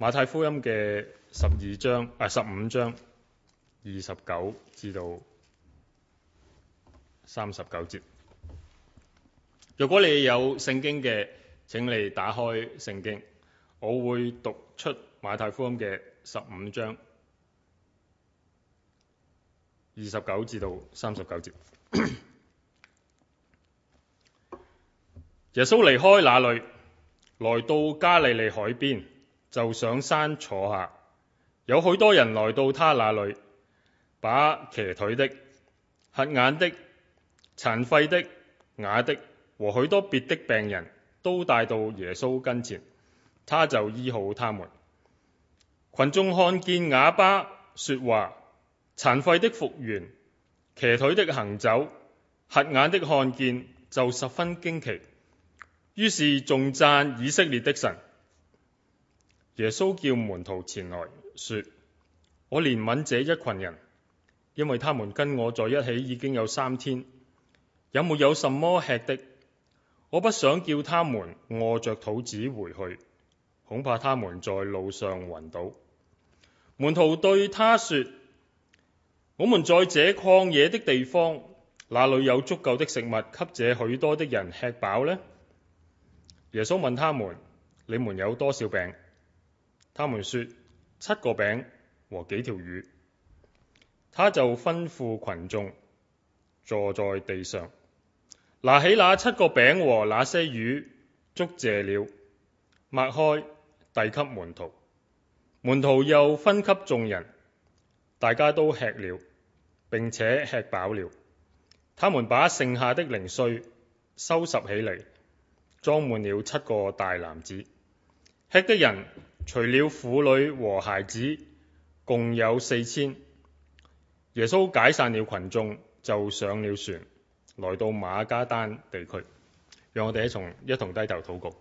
馬太福音嘅十二章，誒、哎、十五章二十九至到三十九節。如果你有聖經嘅，請你打開聖經，我會讀出馬太福音嘅十五章二十九至到三十九節。 耶穌離開那裏，來到加利利海邊。就上山坐下，有許多人來到他那裏，把瘸腿的、瞎眼的、殘廢的、啞的和許多別的病人都帶到耶穌跟前，他就醫好他們。群眾看見啞巴說話、殘廢的復原、瘸腿的行走、瞎眼的看見，就十分驚奇，於是仲讚以色列的神。耶穌叫門徒前來，說：我憐憫這一群人，因為他們跟我在一起已經有三天，有沒有什麼吃的？我不想叫他們餓着肚子回去，恐怕他們在路上暈倒。門徒對他說：我們在這曠野的地方，哪裏有足夠的食物給這許多的人吃飽呢？耶穌問他們：你們有多少餅？他們說七個餅和幾條魚，他就吩咐群眾坐在地上，拿起那七個餅和那些魚，祝謝了，擘開，遞給門徒，門徒又分給眾人，大家都吃了並且吃飽了。他們把剩下的零碎收拾起嚟，裝滿了七個大籃子，吃的人，除了婦女和孩子，共有四千。耶穌解散了群眾，就上了船，來到馬加丹地區。讓我哋一同一同低頭禱告，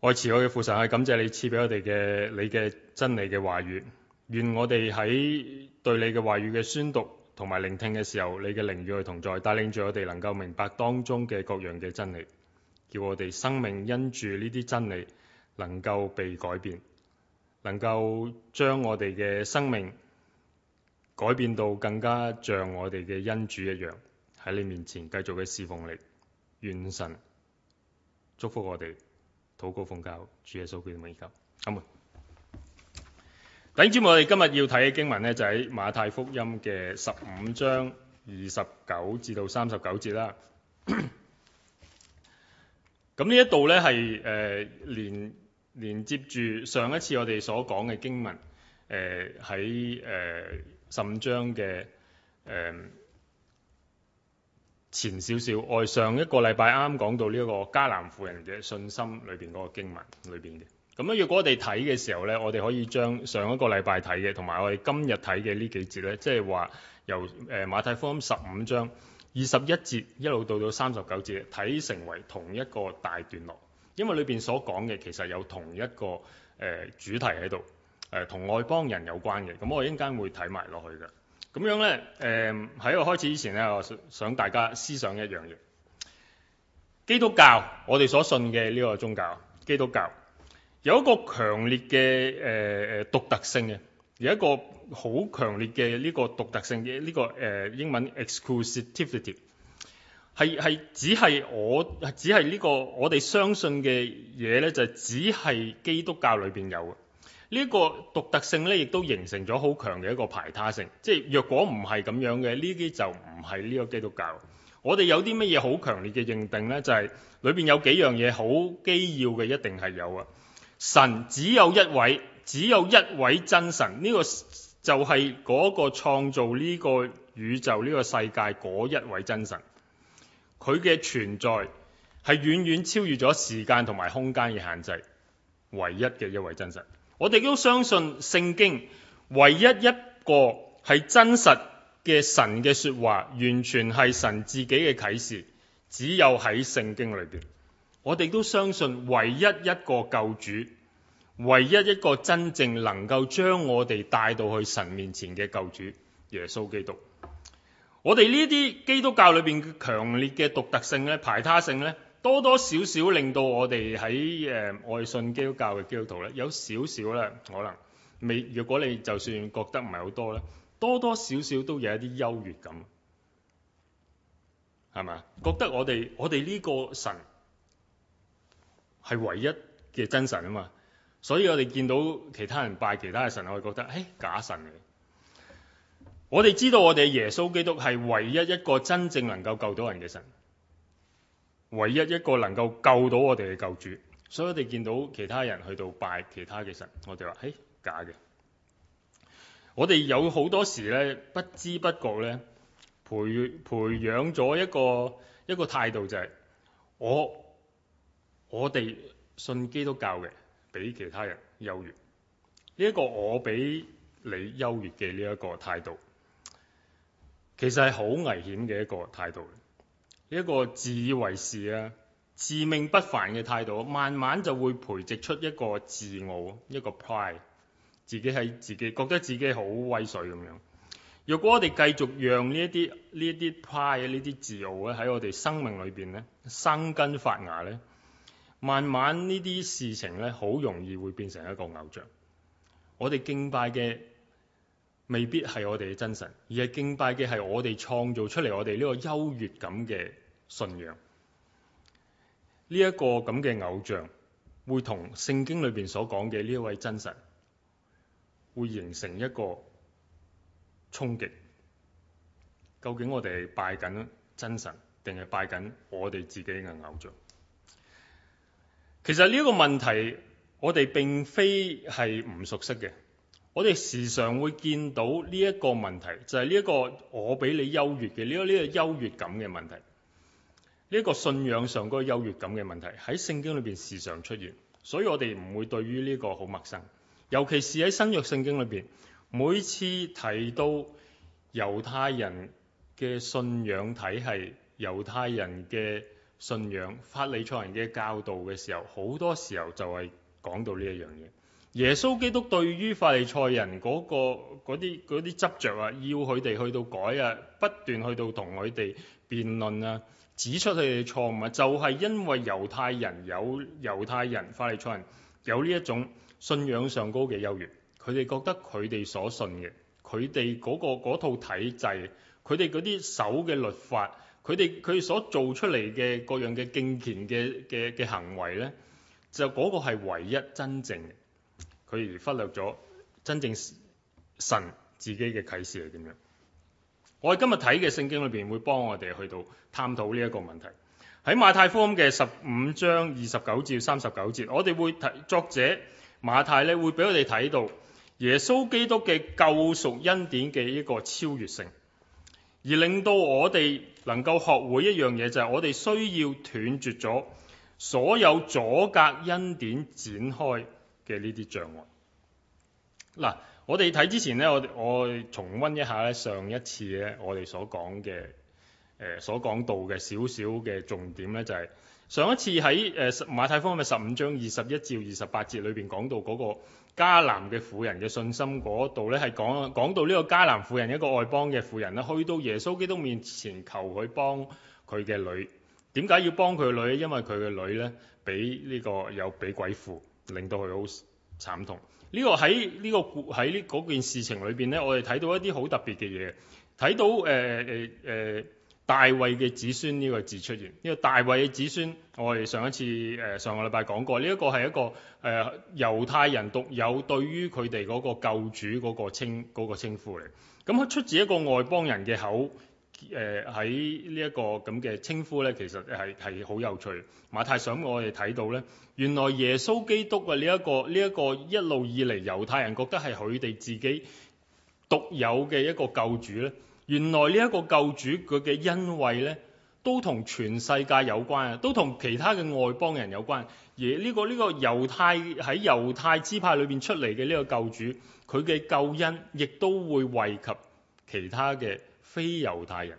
愛，慈愛嘅父神，係感謝你賜俾我哋嘅你嘅真理嘅話語。願我哋喺對你嘅話語嘅宣讀同埋聆聽嘅時候，你嘅靈與我同在，帶領住我哋能夠明白當中嘅各樣嘅真理，叫我哋生命因住呢啲真理，能夠被改變，能夠將我哋嘅生命改變到更加像我哋嘅恩主一樣喺你面前繼續嘅侍奉力。願神祝福我哋，禱告奉教，主耶穌基督，阿門。弟兄我哋今日要睇嘅經文咧，就喺、是、馬太福音嘅十五章二十九至到三十九節啦。咁 呢一度咧係誒連連接住上一次我哋所講嘅經文，喺誒十五章嘅、呃、前少少，我上一個禮拜啱啱講到呢一個迦南婦人嘅信心裏邊嗰個經文裏邊嘅。咁、嗯、咧，若果我哋睇嘅時候呢，我哋可以將上一個禮拜睇嘅，同埋我哋今日睇嘅呢幾節呢，即係話由誒、呃、馬太福音十五章二十一節一路到到三十九節，睇成為同一個大段落。因為裏邊所講嘅其實有同一個誒、呃、主題喺度，誒、呃、同外邦人有關嘅，咁我一陣間會睇埋落去嘅。咁樣咧，誒、呃、喺我開始之前咧，我想大家思想一樣嘢：基督教我哋所信嘅呢個宗教，基督教有一個強烈嘅誒誒獨特性嘅，有一個好強烈嘅呢個獨特性嘅呢個誒、這個呃、英文 exclusivity。係係，只係我只係呢個我哋相信嘅嘢呢就係只係基督教裏邊有啊。呢一個獨特性呢，亦都形成咗好強嘅一個排他性。即係若果唔係咁樣嘅，呢啲就唔係呢個基督教。我哋有啲乜嘢好強烈嘅認定呢？就係裏邊有幾樣嘢好機要嘅，一定係有啊。神只有一位，只有一位真神。呢個就係嗰個創造呢個宇宙、呢個世界嗰一位真神。佢嘅存在係遠遠超越咗時間同埋空間嘅限制，唯一嘅一位真實。我哋都相信聖經唯一一個係真實嘅神嘅說話，完全係神自己嘅啟示，只有喺聖經裏邊。我哋都相信唯一一個救主，唯一一個真正能夠將我哋帶到去神面前嘅救主耶穌基督。我哋呢啲基督教裏邊嘅強烈嘅獨特性咧、排他性咧，多多少少令到我哋喺誒外信基督教嘅基督徒咧，有少少咧可能未。如果你就算覺得唔係好多咧，多多少少都有一啲優越感，係咪？覺得我哋我哋呢個神係唯一嘅真神啊嘛，所以我哋見到其他人拜其他嘅神，我會覺得誒假神嚟。我哋知道我哋耶穌基督係唯一一個真正能夠救到人嘅神，唯一一個能夠救到我哋嘅救主。所以我哋見到其他人去到拜其他嘅神，我哋話：誒，假嘅。我哋有好多時咧，不知不覺咧，培培養咗一個一個態度，就是，就係我我哋信基督教嘅比其他人優越，呢、這、一個我比你優越嘅呢一個態度。其實係好危險嘅一個態度，一個自以為是啊、自命不凡嘅態度，慢慢就會培植出一個自我、一個 pride，自己喺自己覺得自己好威水咁樣。如果我哋繼續讓呢一啲呢一啲 pride 呢啲自我咧喺我哋生命裏邊咧生根發芽咧，慢慢呢啲事情咧好容易會變成一個偶像，我哋敬拜嘅。未必係我哋嘅真神，而係敬拜嘅係我哋創造出嚟，我哋呢個優越感嘅信仰。呢一個咁嘅偶像，會同聖經裏邊所講嘅呢一位真神，會形成一個衝擊。究竟我哋係拜緊真神，定係拜緊我哋自己嘅偶像？其實呢一個問題，我哋並非係唔熟悉嘅。我哋時常會見到呢一個問題，就係呢一個我比你優越嘅呢個呢個優越感嘅問題，呢一個信仰上嗰個優越感嘅問題喺聖經裏邊時常出現，所以我哋唔會對於呢個好陌生，尤其是喺新約聖經裏邊，每次提到猶太人嘅信仰體系、猶太人嘅信仰、法利賽人嘅教導嘅時候，好多時候就係講到呢一樣嘢。耶穌基督對於法利賽人嗰啲啲執着啊，要佢哋去到改啊，不斷去到同佢哋辯論啊，指出佢哋嘅錯誤啊，就係因為猶太人有猶太人，法利賽人有呢一種信仰上高嘅優越，佢哋覺得佢哋所信嘅，佢哋嗰個嗰套體制，佢哋嗰啲守嘅律法，佢哋佢所做出嚟嘅各樣嘅敬虔嘅嘅嘅行為咧，就嗰個係唯一真正嘅。佢而忽略咗真正神自己嘅啟示係點樣？我哋今日睇嘅聖經裏邊會幫我哋去到探討呢一個問題。喺馬太福音嘅十五章二十九至三十九節，我哋會睇作者馬太咧會俾我哋睇到耶穌基督嘅救贖恩典嘅一個超越性，而令到我哋能夠學會一樣嘢，就係、是、我哋需要斷絕咗所有阻隔恩典展開。嘅呢啲障礙嗱，我哋睇之前咧，我我重溫一下咧，上一次咧我哋所講嘅誒所講到嘅少少嘅重點咧，就係、是、上一次喺誒、呃、馬太福音嘅十五章二十一至二十八節裏邊講到嗰個迦南嘅婦人嘅信心嗰度咧，係講講到呢個迦南婦人一個外邦嘅婦人咧，去到耶穌基督面前求佢幫佢嘅女，點解要幫佢嘅女？因為佢嘅女咧俾呢個有俾鬼附。令到佢好慘痛。呢、這個喺呢、這個故喺嗰件事情裏邊呢，我哋睇到一啲好特別嘅嘢，睇到誒誒誒大衛嘅子孫呢個字出現。因、這、為、個、大衛嘅子孫，我哋上一次誒、呃、上個禮拜講過，呢、這個、一個係一個誒猶太人獨有對於佢哋嗰個救主嗰個稱嗰、那個稱呼嚟。咁佢出自一個外邦人嘅口。誒喺呢一個咁嘅稱呼咧，其實係係好有趣。馬太想我哋睇到咧，原來耶穌基督啊呢一個呢一個一路以嚟猶太人覺得係佢哋自己獨有嘅一個救主咧，原來呢一個救主佢嘅恩惠咧，都同全世界有關啊，都同其他嘅外邦人有關。而呢個呢個猶太喺猶太支派裏邊出嚟嘅呢個救主，佢嘅救恩亦都會惠及其他嘅非猶太人，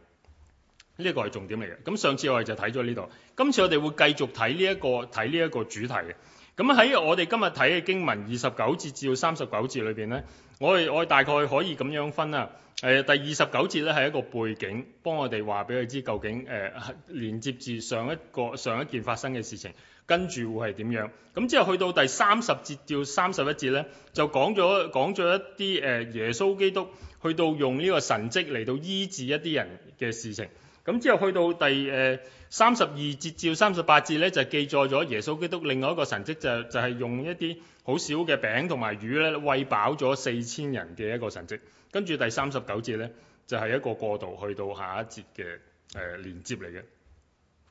呢一個係重點嚟嘅。咁上次我哋就睇咗呢度，今次我哋會繼續睇呢一個睇呢一個主題嘅。咁喺我哋今日睇嘅經文二十九節至到三十九節裏邊呢，我我大概可以咁樣分啊。誒第二十九節呢係一個背景，幫我哋話俾佢知究竟誒連接住上一個上一件發生嘅事情。跟住會係點樣？咁之後去到第三十節至三十一節呢，就講咗講咗一啲誒耶穌基督去到用呢個神蹟嚟到醫治一啲人嘅事情。咁之後去到第誒三十二節至三十八節呢，就記載咗耶穌基督另外一個神蹟，就係，就就係用一啲好少嘅餅同埋魚呢，餵飽咗四千人嘅一個神蹟。跟住第三十九節呢，就係一個過渡去到下一節嘅誒連接嚟嘅。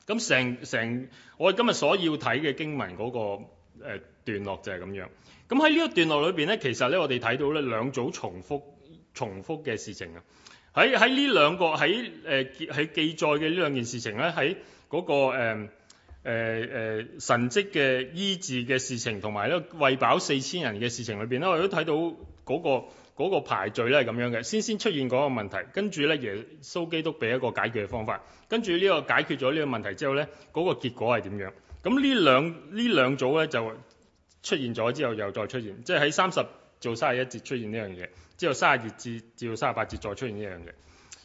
咁成成，我哋今日所要睇嘅經文嗰、那個呃、個段落就係咁樣。咁喺呢個段落裏邊咧，其實咧我哋睇到咧兩組重複重複嘅事情啊。喺喺呢兩個喺誒、呃、記喺記載嘅呢兩件事情咧，喺嗰、那個誒誒、呃呃、神蹟嘅醫治嘅事情，同埋咧餵飽四千人嘅事情裏邊咧，我哋都睇到嗰、那個。嗰個排序咧係咁樣嘅，先先出現嗰個問題，跟住咧耶穌基督俾一個解決嘅方法，跟住呢個解決咗呢個問題之後咧，嗰個結果係點樣？咁呢兩呢兩組咧就出現咗之後又再出現，即係喺三十到卅一節出現呢樣嘢，之後卅二節至至到卅八節再出現呢樣嘢。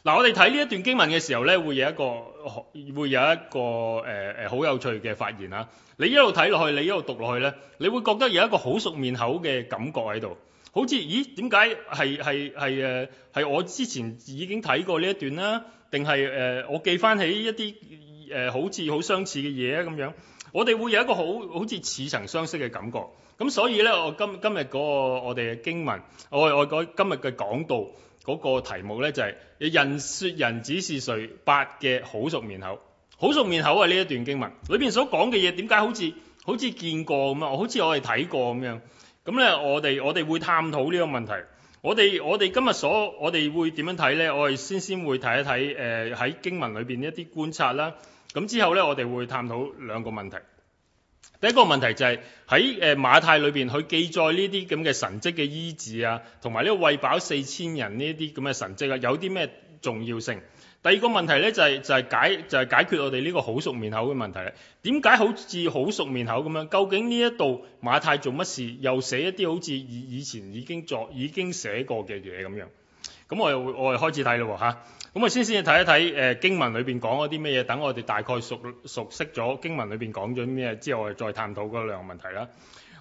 嗱，我哋睇呢一段經文嘅時候咧，會有一個學會有一個誒誒好有趣嘅發現啊！你一路睇落去，你一路讀落去咧，你會覺得有一個好熟面口嘅感覺喺度。好似咦？點解係係係誒係我之前已經睇過呢一段啦、啊？定係誒我記翻起一啲誒、呃、好似好相似嘅嘢啊咁樣？我哋會有一個好好似似曾相識嘅感覺。咁所以咧，我今今日嗰、那個我哋嘅經文，我我，我今日嘅講道嗰個題目咧就係、是《人説人子是誰八》嘅好熟面口，好熟面口係、啊、呢一段經文裏邊所講嘅嘢，點解好似好似見過咁啊？好似我係睇過咁樣。咁咧，我哋我哋會探討呢個問題。我哋我哋今日所我哋會點樣睇咧？我哋先先會睇一睇誒喺經文裏邊一啲觀察啦。咁之後咧，我哋會探討兩個問題。第一個問題就係喺誒馬太裏邊，佢記載呢啲咁嘅神跡嘅醫治啊，同埋呢個餵飽四千人呢啲咁嘅神跡啊，有啲咩重要性？第二個問題呢，就係、是、就係解就係解決我哋呢個好熟面口嘅問題啦。點解好似好熟面口咁樣？究竟呢一度馬太做乜事？又寫一啲好似以以前已經作已經寫過嘅嘢咁樣？咁我又我又開始睇咯吓。咁我先先睇一睇誒經文裏邊講咗啲咩嘢？等我哋大概熟熟悉咗經文裏邊講咗啲咩之後，我哋再探討嗰兩個問題啦。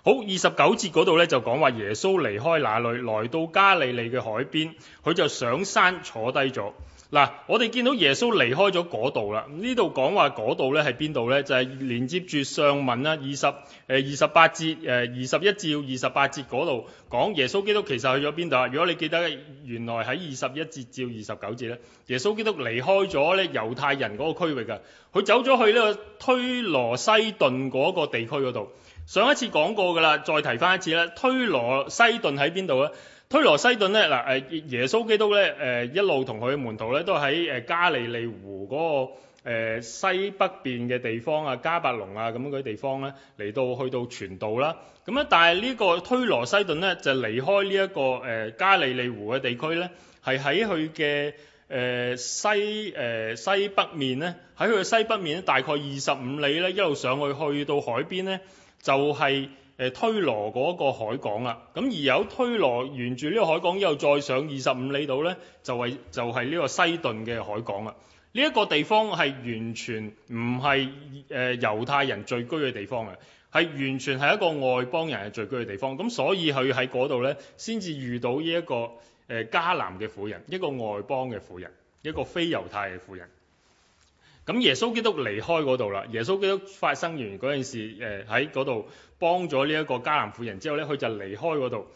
好，二十九節嗰度呢，就講話耶穌離開那裏，來到加利利嘅海邊，佢就上山坐低咗。嗱，我哋見到耶穌離開咗嗰度啦。咁呢度講話嗰度咧係邊度咧？就係、是、連接住上文啦、啊。二十誒二十八節誒二十一至二十八節嗰度講耶穌基督其實去咗邊度啊？如果你記得，原來喺二十一節至二十九節咧，耶穌基督離開咗咧猶太人嗰個區域啊，佢走咗去呢個推羅西頓嗰個地區嗰度。上一次講過噶啦，再提翻一次啦。推羅西頓喺邊度啊？推羅西頓咧嗱誒耶穌基督咧誒一路同佢門徒咧都喺誒加利利湖嗰、那個、呃、西北邊嘅地方啊迦百農啊咁嗰啲地方咧嚟到去到傳道啦咁啊但係呢個推羅西頓咧就離開呢、這、一個誒、呃、加利利湖嘅地區咧係喺佢嘅誒西誒、呃、西北面咧喺佢嘅西北面咧大概二十五里咧一路上去去到海邊咧就係、是。誒推羅嗰個海港啦，咁而有推羅沿住呢個海港之後再上二十五里度呢，就係、是、就係呢個西頓嘅海港啦。呢、這、一個地方係完全唔係誒猶太人聚居嘅地方嘅，係完全係一個外邦人嘅聚居嘅地方。咁所以佢喺嗰度呢，先至遇到呢一個誒迦南嘅婦人，一個外邦嘅婦人，一個非猶太嘅婦人。咁耶穌基督離開嗰度啦，耶穌基督發生完嗰件事，誒喺嗰度幫咗呢一個迦南婦人之後咧，佢就離開嗰度，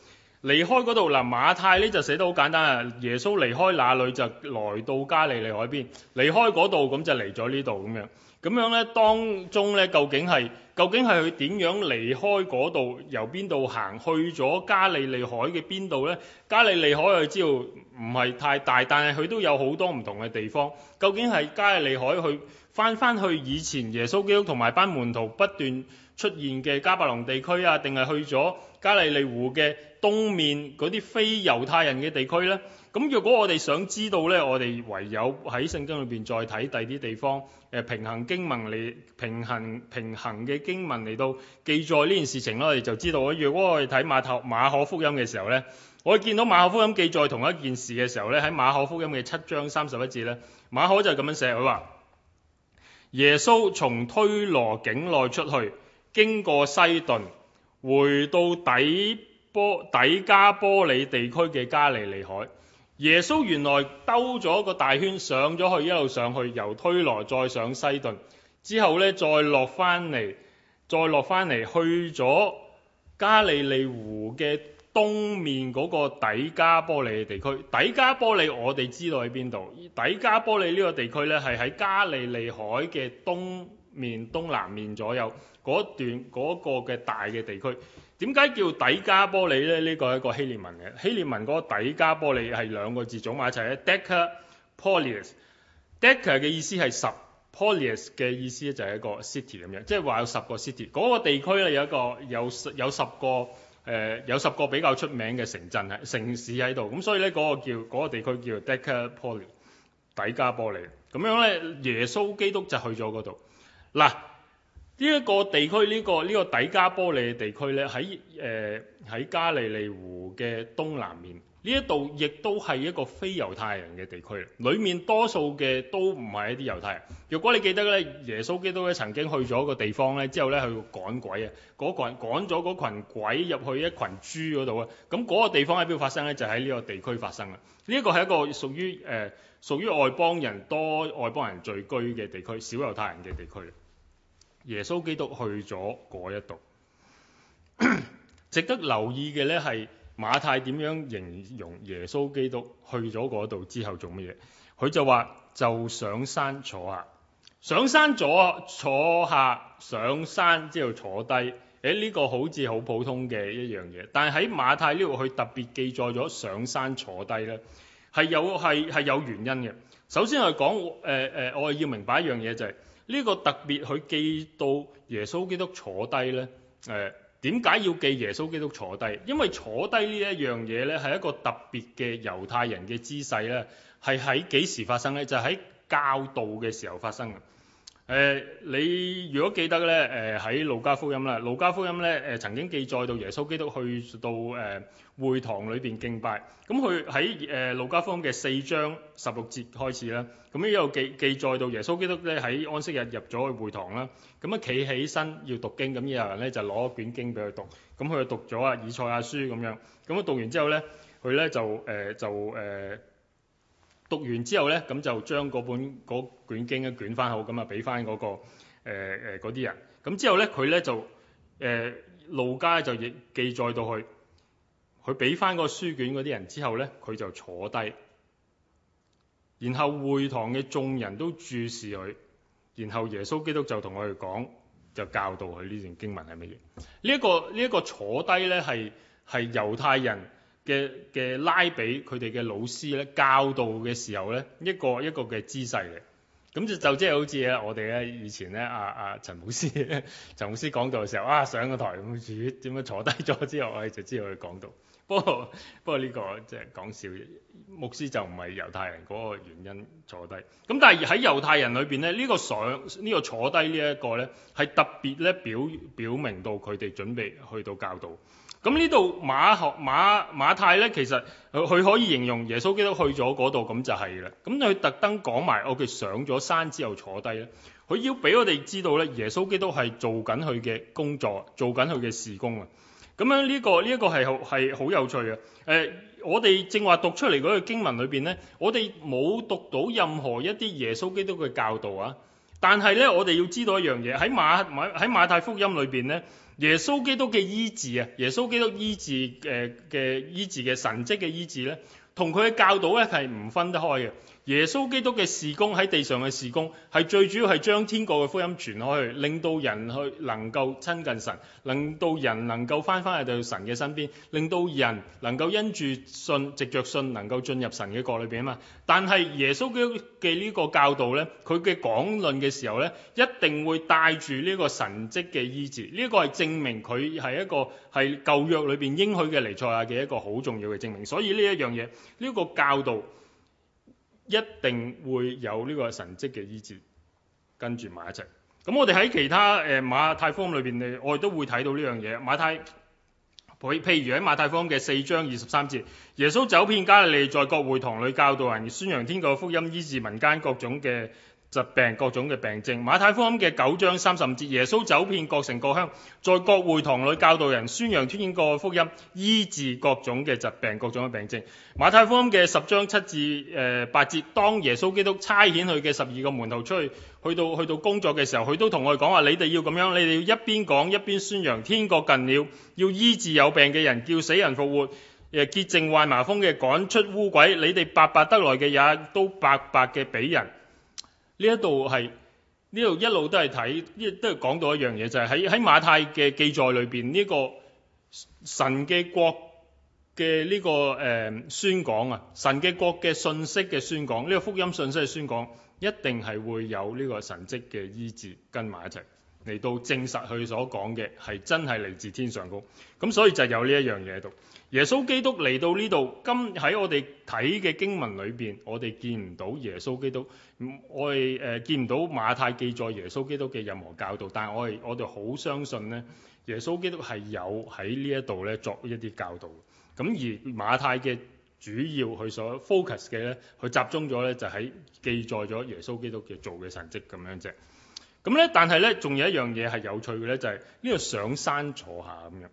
離開嗰度嗱，馬太咧就寫得好簡單啊，耶穌離開那裏就來到加利利海邊，離開嗰度咁就嚟咗呢度咁樣。咁樣咧，當中咧，究竟係究竟係佢點樣離開嗰度，由邊度行去咗加利利海嘅邊度咧？加利利海我知道唔係太大，但係佢都有好多唔同嘅地方。究竟係加利利海去翻翻去以前耶穌基督同埋班門徒不斷出現嘅迦百農地區啊，定係去咗加利利湖嘅東面嗰啲非猶太人嘅地區咧？咁如果我哋想知道咧，我哋唯有喺聖經裏邊再睇第啲地方，誒平行經文嚟平行平行嘅經文嚟到記載呢件事情咧，我哋就知道。我如果我哋睇馬頭馬可福音嘅時候咧，我哋見到馬可福音記載同一件事嘅時候咧，喺馬可福音嘅七章三十一節咧，馬可就係咁樣寫，佢話耶穌從推羅境內出去，經過西頓，回到底波底加波利地區嘅加利利海。耶穌原來兜咗個大圈上咗去，一路上去由推羅再上西頓，之後咧再落翻嚟，再落翻嚟去咗加利利湖嘅東面嗰個低加波利地區。低加波利我哋知道喺邊度？低加波利呢個地區咧，係喺加利利海嘅東面、東南面左右嗰段嗰個嘅大嘅地區。點解叫底加波利咧？呢、這個係一個希臘文嘅。希臘文嗰個底加波利係兩個字組埋一齊嘅。Decapolis。Deca 嘅意思係十，polis 嘅意思咧就係一個 city 咁樣，嗯，即係話有十個 city，嗯。嗰個地區咧有一個有有十個誒、呃、有十個比較出名嘅城鎮喺城市喺度，咁所以咧嗰，那個叫嗰，那個地區叫 Decapolis 底加波利咁樣咧，耶穌基督就去咗嗰度。嗱。呢一個地區，呢個呢個底加波利嘅地區呢，喺誒喺加利利湖嘅東南面。呢一度亦都係一個非猶太人嘅地區，裡面多數嘅都唔係一啲猶太人。如果你記得呢，耶穌基督咧曾經去咗一個地方呢，之後呢，去趕鬼啊，嗰羣趕咗嗰羣鬼入去一群豬嗰度啊。咁嗰個地方喺邊發生呢？就喺呢個地區發生啦。呢一個係一個屬於誒屬於外邦人多外邦人聚居嘅地區，少猶太人嘅地區。耶穌基督去咗嗰一度，值得留意嘅呢係馬太點樣形容耶穌基督去咗嗰度之後做乜嘢？佢就話就上山坐下，上山咗坐下，上山之後坐低。誒呢個好似好普通嘅一樣嘢，但係喺馬太呢度佢特別記載咗上山坐低呢係有係係有原因嘅。首先係講，誒、誒，我係要明白一樣嘢，就係呢個特別去記到耶穌基督坐低咧，誒，點解要記耶穌基督坐低？因為坐低呢一樣嘢咧，係一個特別嘅猶太人嘅姿勢咧，係喺幾時發生咧？就喺教導嘅時候發生嘅。就是誒、呃，你如果記得咧，誒喺路加福音啦，路加福音咧，誒、呃、曾經記載到耶穌基督去到誒、呃、會堂裏邊敬拜，咁佢喺誒路加福音嘅四章十六節開始啦，咁呢又記記載到耶穌基督咧喺安息日入咗去會堂啦，咁啊企起身要讀經，咁有人咧就攞一卷經俾佢讀，咁、啊、佢就讀咗啊以賽亞書咁樣，咁啊讀完之後咧，佢咧就誒、呃、就誒。呃讀完之後咧，咁就將嗰本卷經一捲翻好，咁啊俾翻嗰個誒嗰啲人。咁之後咧，佢咧就誒、呃、路加就亦記載到去，佢俾翻個書卷嗰啲人之後咧，佢就坐低，然後會堂嘅眾人都注視佢，然後耶穌基督就同我哋講，就教導佢呢段經文係乜嘢。呢、這、一個呢一、這個坐低咧係係猶太人。嘅嘅拉比佢哋嘅老師咧，教導嘅時候咧，一個一個嘅姿勢嚟，咁就就即係好似啊我哋咧以前咧阿阿陳老師，陳老師講道嘅時候，啊，上個台咁住，點樣坐低咗之後，唉就知道佢講道。不過不過呢個即係講笑，牧師就唔係猶太人嗰個原因坐低。咁但係喺猶太人裏邊咧，呢個上呢個坐低呢一個咧，係特別咧表表明到佢哋準備去到教導。咁呢度馬何馬馬太咧，其實佢可以形容耶穌基督去咗嗰度，咁就係啦。咁佢特登講埋我佢上咗山之後坐低咧，佢要俾我哋知道咧，耶穌基督係做緊佢嘅工作，做緊佢嘅事工啊。咁樣呢個呢一個係係好有趣嘅。誒、呃，我哋正話讀出嚟嗰個經文裏邊咧，我哋冇讀到任何一啲耶穌基督嘅教導啊。但係咧，我哋要知道一樣嘢喺馬喺馬馬太福音裏邊咧。耶穌基督嘅醫治啊，耶穌基督的醫治嘅嘅醫治嘅神蹟嘅醫治咧，同佢嘅教導咧係唔分得開嘅。耶穌基督嘅事工喺地上嘅事工，係最主要係將天國嘅福音傳開去，令到人去能夠親近神，令到人能夠翻翻去到神嘅身邊，令到人能夠因住信，藉着信能夠進入神嘅國裏邊啊嘛。但係耶穌基督嘅呢個教導呢，佢嘅講論嘅時候呢，一定會帶住呢個神蹟嘅醫治，呢個係證明佢係一個係舊約裏邊應許嘅彌賽亞嘅一個好重要嘅證明。所以呢一樣嘢，呢個教導。一定會有呢個神蹟嘅醫治跟住埋一齊。咁我哋喺其他誒馬太福音裏邊，我哋都會睇到呢樣嘢。馬太佢譬，譬，譬如喺馬太福音嘅四章二十三節，耶穌走遍加利利，在各會堂裏教導人，宣揚天國福音，醫治民間各種嘅疾病各種嘅病症，馬太福音嘅九章三十五節，耶穌走遍各城各鄉，在各會堂裏教導人，宣揚天國福音，醫治各種嘅疾病、各種嘅病症。馬太福音嘅十章七至八節，當耶穌基督差遣佢嘅十二個門徒出去，去到去到工作嘅時候，佢都同我哋講話：你哋要咁樣，你哋要一邊講一邊宣揚天國近了，要醫治有病嘅人，叫死人復活，誒潔淨患麻風嘅，趕出污鬼。你哋白白得來嘅嘢都白白嘅俾人。呢一度係呢度一路都係睇，亦都係講到一樣嘢，就係喺喺馬太嘅記載裏邊呢個神嘅國嘅呢、這個誒、呃、宣講啊，神嘅國嘅信息嘅宣講，呢、這個福音信息嘅宣講一定係會有呢個神跡嘅醫治跟埋一齊嚟到證實佢所講嘅係真係嚟自天上宮咁，所以就有呢一樣嘢喺度。耶穌基督嚟到呢度，今喺我哋睇嘅經文裏邊，我哋見唔到耶穌基督，我哋誒、呃、見唔到馬太記載耶穌基督嘅任何教導。但係我哋我哋好相信咧，耶穌基督係有喺呢一度咧作一啲教導。咁而馬太嘅主要佢所 focus 嘅咧，佢集中咗咧就喺記載咗耶穌基督嘅做嘅神蹟咁樣啫。咁咧，但係咧，仲有一樣嘢係有趣嘅咧，就係、是、呢個上山坐下咁樣。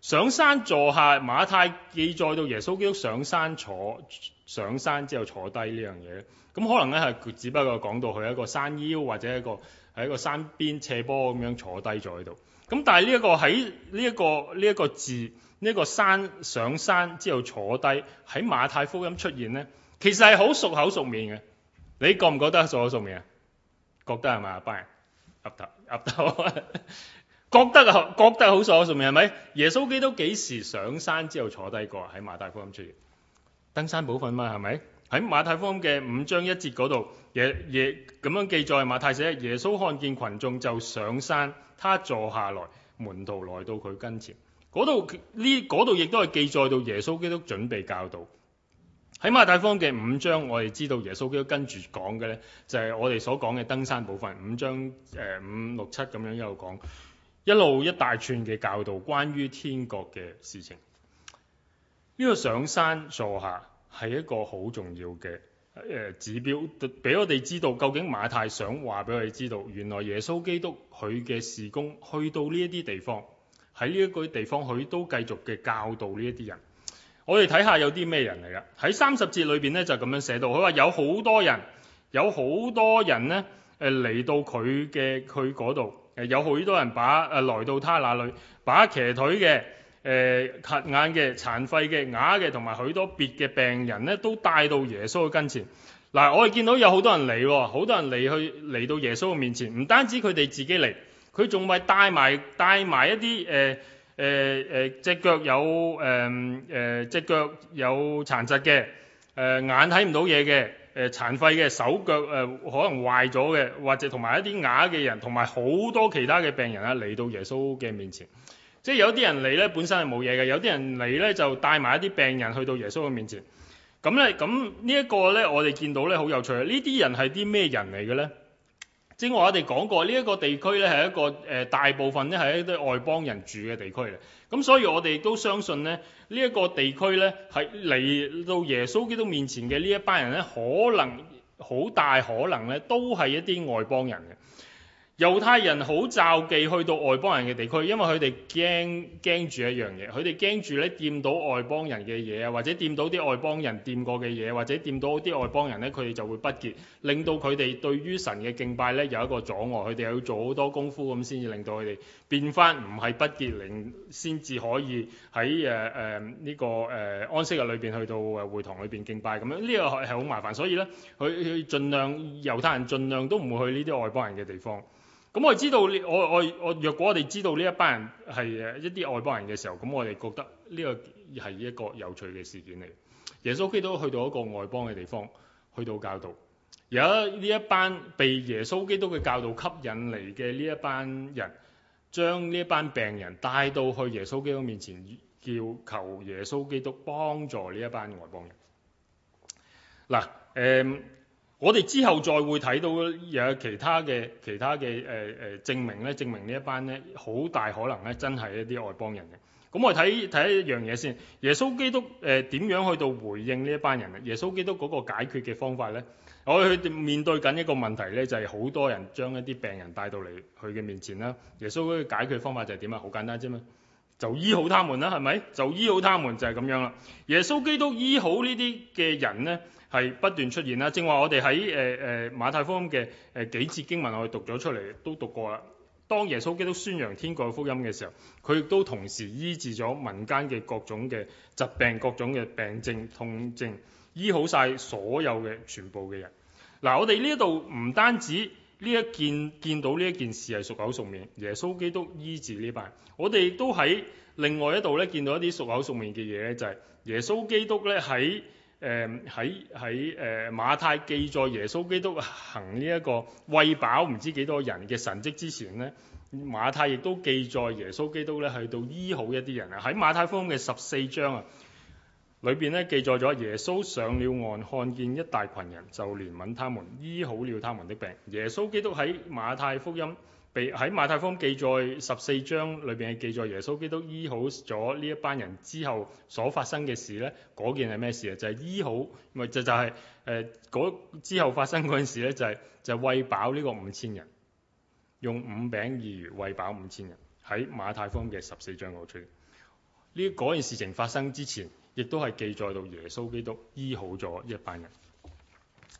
上山坐下，馬太記載到耶穌基督上山坐，上山之後坐低呢樣嘢，咁、嗯、可能咧係只不過講到佢一個山腰或者一個喺一個山邊斜坡咁樣坐低咗喺度。咁、嗯、但係呢一個喺呢一個呢一、這個這個字，呢、這、一個山上山之後坐低喺馬太福音出現咧，其實係好熟口熟面嘅。你覺唔覺得係熟口熟面啊？覺得係咪？拜，岌頭，岌頭。 覺得啊，覺得好爽，係咪？耶穌基督幾時上山之後坐低過？喺馬太福音出現登山部分嘛，係咪？喺馬太福音嘅五章一節嗰度，耶耶咁樣記載馬太寫：耶穌看見群眾就上山，他坐下來，門徒來到佢跟前。嗰度呢度亦都係記載到耶穌基督準備教導。喺馬太福音嘅五章，我哋知道耶穌基督跟住講嘅呢，就係、是、我哋所講嘅登山部分，五章誒、呃、五六七咁樣一路講。一路一大串嘅教導，關於天國嘅事情。呢個上山坐下係一個好重要嘅誒指標，俾我哋知道究竟馬太想話俾我哋知道，原來耶穌基督佢嘅事工去到呢一啲地方，喺呢一個地方佢都繼續嘅教導看看呢一啲人。我哋睇下有啲咩人嚟㗎。喺三十節裏邊咧就咁樣寫到，佢話有好多人，有好多人咧誒嚟到佢嘅佢嗰度。誒有好多人把誒、啊、來到他那裡，把瘸腿嘅、誒、呃、瞎眼嘅、殘廢嘅、啞嘅，同埋許多別嘅病人咧，都帶到耶穌嘅跟前。嗱、啊，我哋見到有好多人嚟喎，好多人嚟去嚟到耶穌嘅面前，唔單止佢哋自己嚟，佢仲咪帶埋帶埋一啲誒誒誒隻腳有誒誒、呃、隻腳有殘疾嘅誒、呃、眼睇唔到嘢嘅。誒、呃、殘廢嘅手腳誒、呃、可能壞咗嘅，或者同埋一啲啞嘅人，同埋好多其他嘅病人啊，嚟到耶穌嘅面前，即係有啲人嚟咧本身係冇嘢嘅，有啲人嚟咧就帶埋一啲病人去到耶穌嘅面前，咁咧咁呢一個咧我哋見到咧好有趣，呢啲人係啲咩人嚟嘅咧？正如我哋講過，呢、這個、一個地區咧係一個誒大部分咧係一啲外邦人住嘅地區嚟，咁所以我哋都相信咧，呢、這、一個地區咧係嚟到耶穌基督面前嘅呢一班人咧，可能好大可能咧都係一啲外邦人嘅。猶太人好詛忌去到外邦人嘅地區，因為佢哋驚驚住一樣嘢，佢哋驚住咧掂到外邦人嘅嘢啊，或者掂到啲外邦人掂過嘅嘢，或者掂到啲外邦人咧，佢哋就會不潔，令到佢哋對於神嘅敬拜咧有一個阻礙，佢哋要做好多功夫咁先至令到佢哋變翻唔係不潔，令先至可以喺誒誒呢個誒、呃、安息日裏邊去到誒會堂裏邊敬拜咁樣。呢、這個係好麻煩，所以咧佢佢盡量猶太人盡量都唔會去呢啲外邦人嘅地方。咁我知道呢，我我我若果我哋知道呢一班人係誒一啲外邦人嘅時候，咁我哋覺得呢個係一個有趣嘅事件嚟。耶穌基督去到一個外邦嘅地方，去到教導，而家呢一班被耶穌基督嘅教導吸引嚟嘅呢一班人，將呢一班病人帶到去耶穌基督面前，叫求耶穌基督幫助呢一班外邦人。嗱，誒、嗯。我哋之後再會睇到有其他嘅其他嘅誒誒證明咧，證明呢證明一班咧好大可能咧，真係一啲外邦人嘅。咁我睇睇一樣嘢先，耶穌基督誒呃、點樣去到回應呢一班人啊？耶穌基督嗰個解決嘅方法咧，我哋面對緊一個問題咧，就係、是、好多人將一啲病人帶到嚟佢嘅面前啦。耶穌基督解決方法就係點啊？好簡單啫、啊、嘛，就醫好他們啦，係咪？就醫好他們就係、是、咁樣啦。耶穌基督醫好呢啲嘅人咧。係不斷出現啦，正話我哋喺誒誒馬太福音嘅誒、呃、幾節經文，我哋讀咗出嚟都讀過啦。當耶穌基督宣揚天國嘅福音嘅時候，佢亦都同時醫治咗民間嘅各種嘅疾病、各種嘅病症、痛症，醫好晒所有嘅全部嘅人。嗱、啊，我哋呢一度唔單止呢一件見到呢一件事係熟口熟面，耶穌基督醫治呢班人。我哋亦都喺另外一度咧見到一啲熟口熟面嘅嘢，就係、是、耶穌基督咧喺。誒喺喺誒馬太記載耶穌基督行呢一個餵飽唔知幾多人嘅神蹟之前呢，馬太亦都記載耶穌基督咧去到醫好一啲人啊！喺馬太福音嘅十四章啊，裏邊咧記載咗耶穌上了岸，看見一大群人，就憐憫他們，醫好了他們的病。耶穌基督喺馬太福音。被喺馬太福音記載十四章裏邊嘅記載耶穌基督醫好咗呢一班人之後所發生嘅事呢，嗰件係咩事啊？就係、是、醫好，咪就就係誒嗰之後發生嗰件事呢就係、是、就係餵飽呢個五千人，用五餅二魚餵飽五千人，喺馬太福音嘅十四章嗰度。呢嗰件事情發生之前，亦都係記載到耶穌基督醫好咗一班人。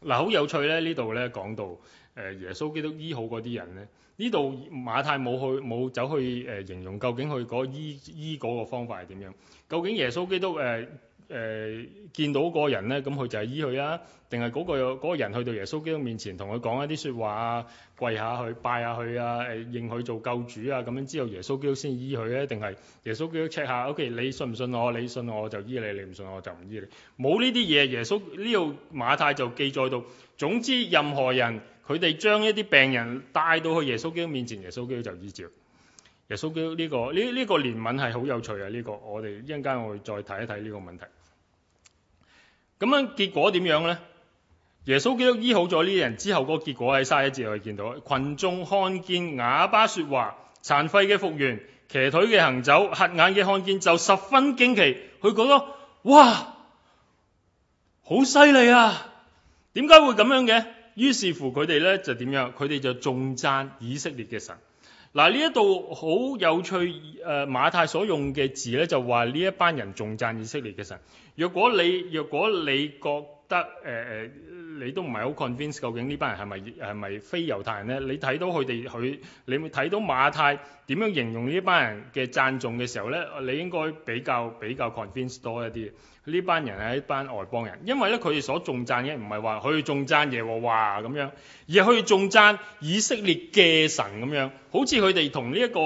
嗱、啊，好有趣咧，呢度呢，講到。誒耶穌基督醫好嗰啲人咧，呢度馬太冇去冇走去誒、呃、形容究竟佢嗰醫醫嗰個方法係點樣？究竟耶穌基督誒誒、呃呃、見到個人咧，咁佢就係醫佢啊？定係嗰個嗰個人去到耶穌基督面前同佢講一啲説話啊，跪下去拜下去啊，誒認佢做救主啊，咁樣之後耶穌基督先醫佢咧？定係耶穌基督 check 下，O.K. 你信唔信我？你信我就醫你，你唔信我就唔醫你。冇呢啲嘢，耶穌，呢度馬太就記載到。總之，任何人。佢哋將一啲病人帶到去耶穌基督面前，耶穌基督就醫治耶穌基督呢、這個呢呢、這個憐憫係好有趣啊！呢、這個我哋一陣間我會再睇一睇呢個問題。咁樣結果點樣呢？耶穌基督醫好咗呢啲人之後，個結果喺三十一節我哋見到，群眾看見啞巴說話、殘廢嘅復原、騎腿嘅行走、瞎眼嘅看見，就十分驚奇，佢覺得哇，好犀利啊！點解會咁樣嘅？於是乎佢哋咧就點樣？佢哋就重讚以色列嘅神。嗱，呢一度好有趣誒，馬太所用嘅字咧就話呢一班人重讚以色列嘅神。若果你若果你覺得誒誒。呃你都唔係好 convince 究竟呢班人係咪係咪非猶太人咧？你睇到佢哋佢你睇到馬太點樣形容呢班人嘅讚頌嘅時候咧，你應該比較比較 convince 多一啲。呢班人係一班外邦人，因為咧佢哋所頌讚嘅唔係話佢哋頌讚耶和華咁樣，而係佢哋頌讚以色列嘅神咁樣。好似佢哋同呢一個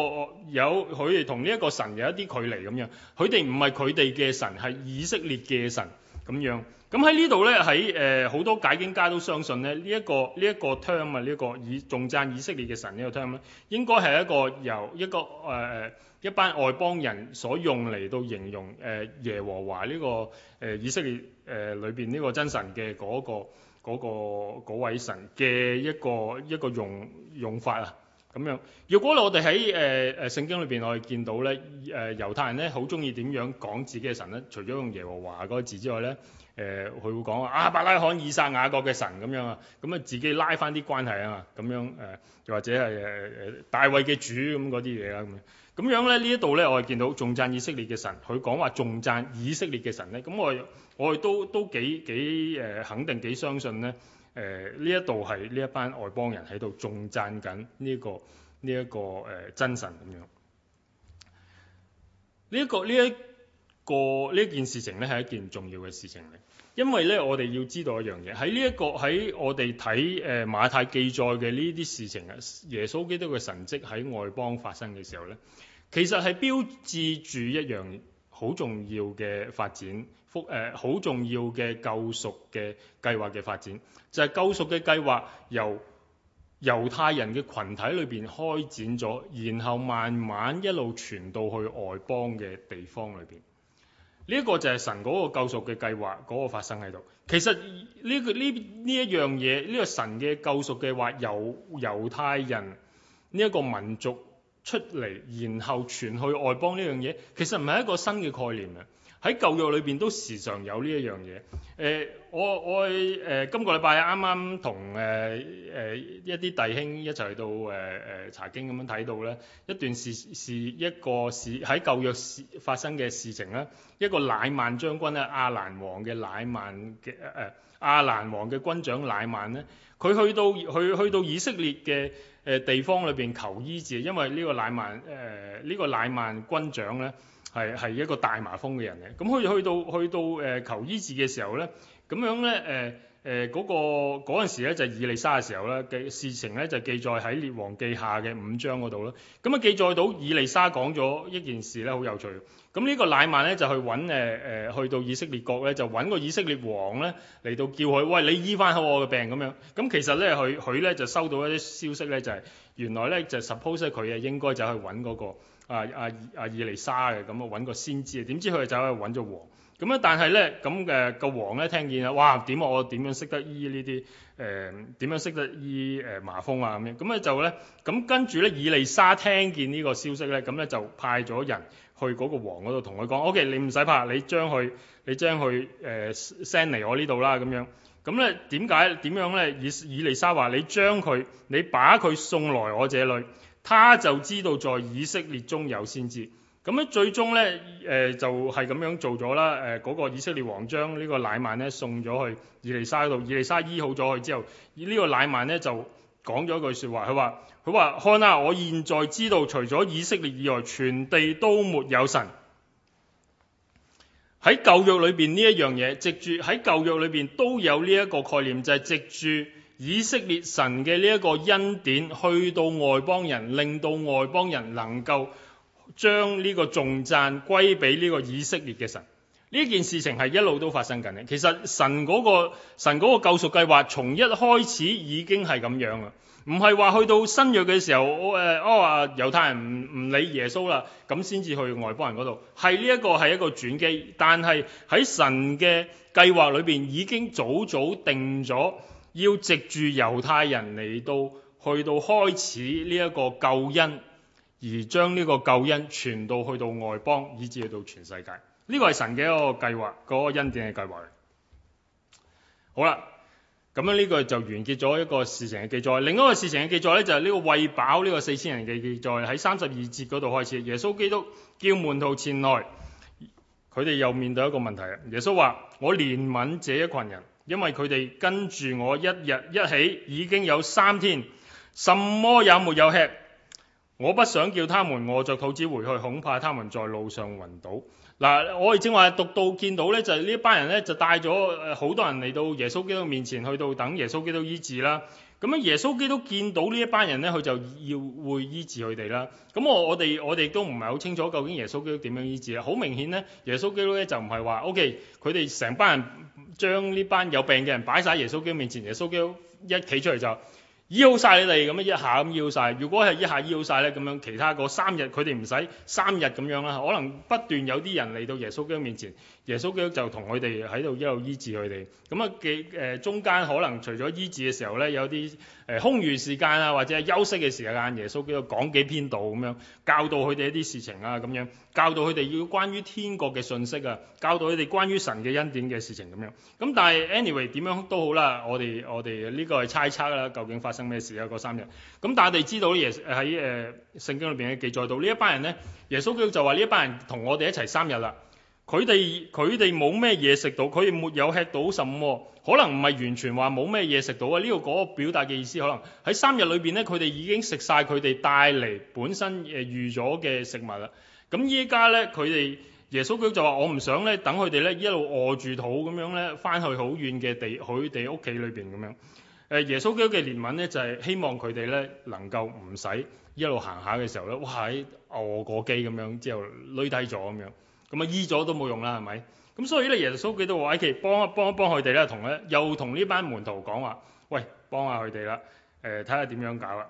有佢哋同呢一個神有一啲距離咁樣。佢哋唔係佢哋嘅神，係以色列嘅神。咁樣，咁喺呢度咧，喺誒好多解經家都相信咧，呢、這、一個呢一、這個 term 啊、這個，呢一個以重讚以色列嘅神呢個 term 咧，應該係一個由一個誒、呃、一班外邦人所用嚟到形容誒、呃、耶和華呢、這個誒、呃、以色列誒裏邊呢個真神嘅嗰、那個嗰、那個那個、位神嘅一個一個用用法啊。咁樣，如果我哋喺誒誒聖經裏邊，我哋見到咧，誒、呃、猶太人咧好中意點樣講自己嘅神咧？除咗用耶和華嗰個字之外咧，誒、呃、佢會講啊，亞伯拉罕、以撒、雅各嘅神咁樣啊，咁啊自己拉翻啲關係啊，咁樣誒，又或者係誒誒大衛嘅主咁嗰啲嘢啊，咁樣咁樣咧呢一度咧，我哋見到仲讚以色列嘅神，佢講話仲讚以色列嘅神咧，咁我我哋都都幾幾誒肯定幾相信咧。誒呢一度係呢一班外邦人喺度仲讚緊呢個呢一、這個誒、呃、真神咁樣。呢、這、一個呢一、這個呢件事情咧係一件重要嘅事情嚟，因為咧我哋要知道一樣嘢，喺呢一個喺我哋睇誒馬太記載嘅呢啲事情啊，耶穌基督嘅神跡喺外邦發生嘅時候咧，其實係標誌住一樣好重要嘅發展。復誒好重要嘅救贖嘅計劃嘅發展，就係、是、救贖嘅計劃由猶太人嘅群體裏邊開展咗，然後慢慢一路傳到去外邦嘅地方裏邊。呢、這、一個就係神嗰個救贖嘅計劃嗰個發生喺度。其實呢、這個呢呢一樣嘢，呢、這個神嘅救贖嘅計劃由猶太人呢一、這個民族出嚟，然後傳去外邦呢樣嘢，其實唔係一個新嘅概念啊。喺舊約裏邊都時常有呢一樣嘢。誒、呃，我我誒、呃、今個禮拜啱啱同誒誒一啲弟兄一齊去到誒誒、呃、查經咁樣睇到咧一段事事一個事喺舊約時發生嘅事情咧，一個乃曼將軍咧，亞蘭王嘅乃曼嘅誒亞蘭王嘅軍長乃曼咧，佢去到去去到以色列嘅誒地方裏邊求醫治，因為呢個乃曼誒呢、呃這個乃曼軍長咧。係係一個大麻風嘅人嘅，咁佢去，去到去到誒、呃、求醫治嘅時候咧，咁樣咧誒誒嗰個嗰陣、那個、時咧就係、以利沙嘅時候咧，事情咧就記載喺列王紀下嘅五章嗰度咯。咁、嗯、啊記載到以利沙講咗一件事咧，好有趣。咁、嗯這個、呢個乃曼咧就去揾誒、呃、去到以色列國咧，就揾個以色列王咧嚟到叫佢，喂，你醫翻好我嘅病咁樣。咁、嗯嗯、其實咧佢佢咧就收到一啲消息咧，就係、是、原來咧就 suppose 佢啊應該就去揾嗰、那個。啊啊啊！以利沙嘅咁啊，揾個先知啊，點知佢就去揾咗王咁啊？但係咧，咁嘅個王咧，聽見啊，哇！點我點樣識得醫呢啲誒？點、呃、樣識得醫誒麻風啊？咁樣咁咧、嗯、就咧，咁跟住咧，以利沙聽見呢個消息咧，咁、嗯、咧就派咗人去嗰個王嗰度同佢講：O K，你唔使怕，你將佢，你將佢誒 send 嚟我呢度啦。咁樣咁咧點解？點樣咧？以以利沙話：你將佢，你把佢送來我這裏。這」嗯他就知道在以色列中有先知，咁咧最終咧誒就係、是、咁樣做咗啦。誒、呃、嗰、那個以色列王將呢個乃曼咧送咗去以利沙度，以利沙醫好咗佢之後，這個、呢個乃曼咧就講咗句説話，佢話：佢話看啦，哪，我現在知道除咗以色列以外，全地都沒有神。喺舊約裏邊呢一樣嘢，藉住喺舊約裏邊都有呢一個概念，就係藉住。以色列神嘅呢一個恩典去到外邦人，令到外邦人能夠將呢個頌讚歸俾呢個以色列嘅神。呢件事情係一路都發生緊嘅。其實神嗰、嗰個神個救贖計劃從一開始已經係咁樣啦，唔係話去到新約嘅時候，我、哦、誒，我、哦、話猶太人唔唔理耶穌啦，咁先至去外邦人嗰度。係呢一個係一個轉機，但係喺神嘅計劃裏邊已經早早定咗。要藉住猶太人嚟到，去到開始呢一個救恩，而將呢個救恩傳到去到外邦，以至去到全世界。呢個係神嘅一個計劃，嗰個恩典嘅計劃。好啦，咁樣呢個就完結咗一個事情嘅記載。另一個事情嘅記載呢，就係呢個餵飽呢個四千人嘅記載，喺三十二節嗰度開始。耶穌基督叫門徒前來，佢哋又面對一個問題。耶穌話：我憐憫這一群人。因為佢哋跟住我一日一起已經有三天，什麼也沒有吃。我不想叫他們餓著肚子回去，恐怕他們在路上暈倒。嗱、嗯，我哋正話讀到見到咧，就係、是、呢一班人咧就帶咗好多人嚟到耶穌基督面前，去到等耶穌基督醫治啦。咁、嗯、樣耶穌基督見到呢一班人咧，佢就要會醫治佢哋啦。咁、嗯、我我哋我哋都唔係好清楚究竟耶穌基督點樣醫治啊？好明顯咧，耶穌基督咧就唔係話 OK，佢哋成班人。將呢班有病嘅人擺晒耶穌基督面前，耶穌基督一企出嚟就醫好曬你哋，咁樣一下咁醫好曬。如果係一下醫好曬咧，咁樣其他嗰三日佢哋唔使三日咁樣啦，可能不斷有啲人嚟到耶穌基督面前。耶穌基督就同佢哋喺度一路醫治佢哋。咁啊，幾、呃、誒中間可能除咗醫治嘅時候咧，有啲誒、呃、空餘時間啊，或者係休息嘅時間，耶穌基督講幾篇道咁樣，教導佢哋一啲事情啊，咁樣教導佢哋要關於天國嘅信息啊，教導佢哋關於神嘅恩典嘅事情咁樣。咁但係 anyway 點樣都好啦，我哋我哋呢個係猜測啦，究竟發生咩事啊？嗰三日。咁但係我哋知道耶穌喺誒聖經裏邊咧記載到呢一班人咧，耶穌基督就話呢一班人同我哋一齊三日啦。佢哋佢哋冇咩嘢食到，佢哋沒有吃到什麼，可能唔係完全話冇咩嘢食到啊！呢個嗰個表達嘅意思，可能喺三日裏邊咧，佢哋已經食晒，佢哋帶嚟本身誒預咗嘅食物啦。咁依家咧，佢哋耶穌基督就話：「我唔想咧等佢哋咧一路餓住肚咁樣咧，翻去好遠嘅地，佢哋屋企裏邊咁樣。」誒，耶穌基督嘅憐憫咧，就係希望佢哋咧能夠唔使一路行下嘅時候咧，哇喺餓過飢咁樣，之後累低咗咁樣。咁啊醫咗都冇用啦，係咪？咁所以咧，耶穌基督話：，喺、哎、其幫一幫一幫佢哋咧，同咧又同呢班門徒講話，喂，幫下佢哋啦，誒、呃，睇下點樣搞啦。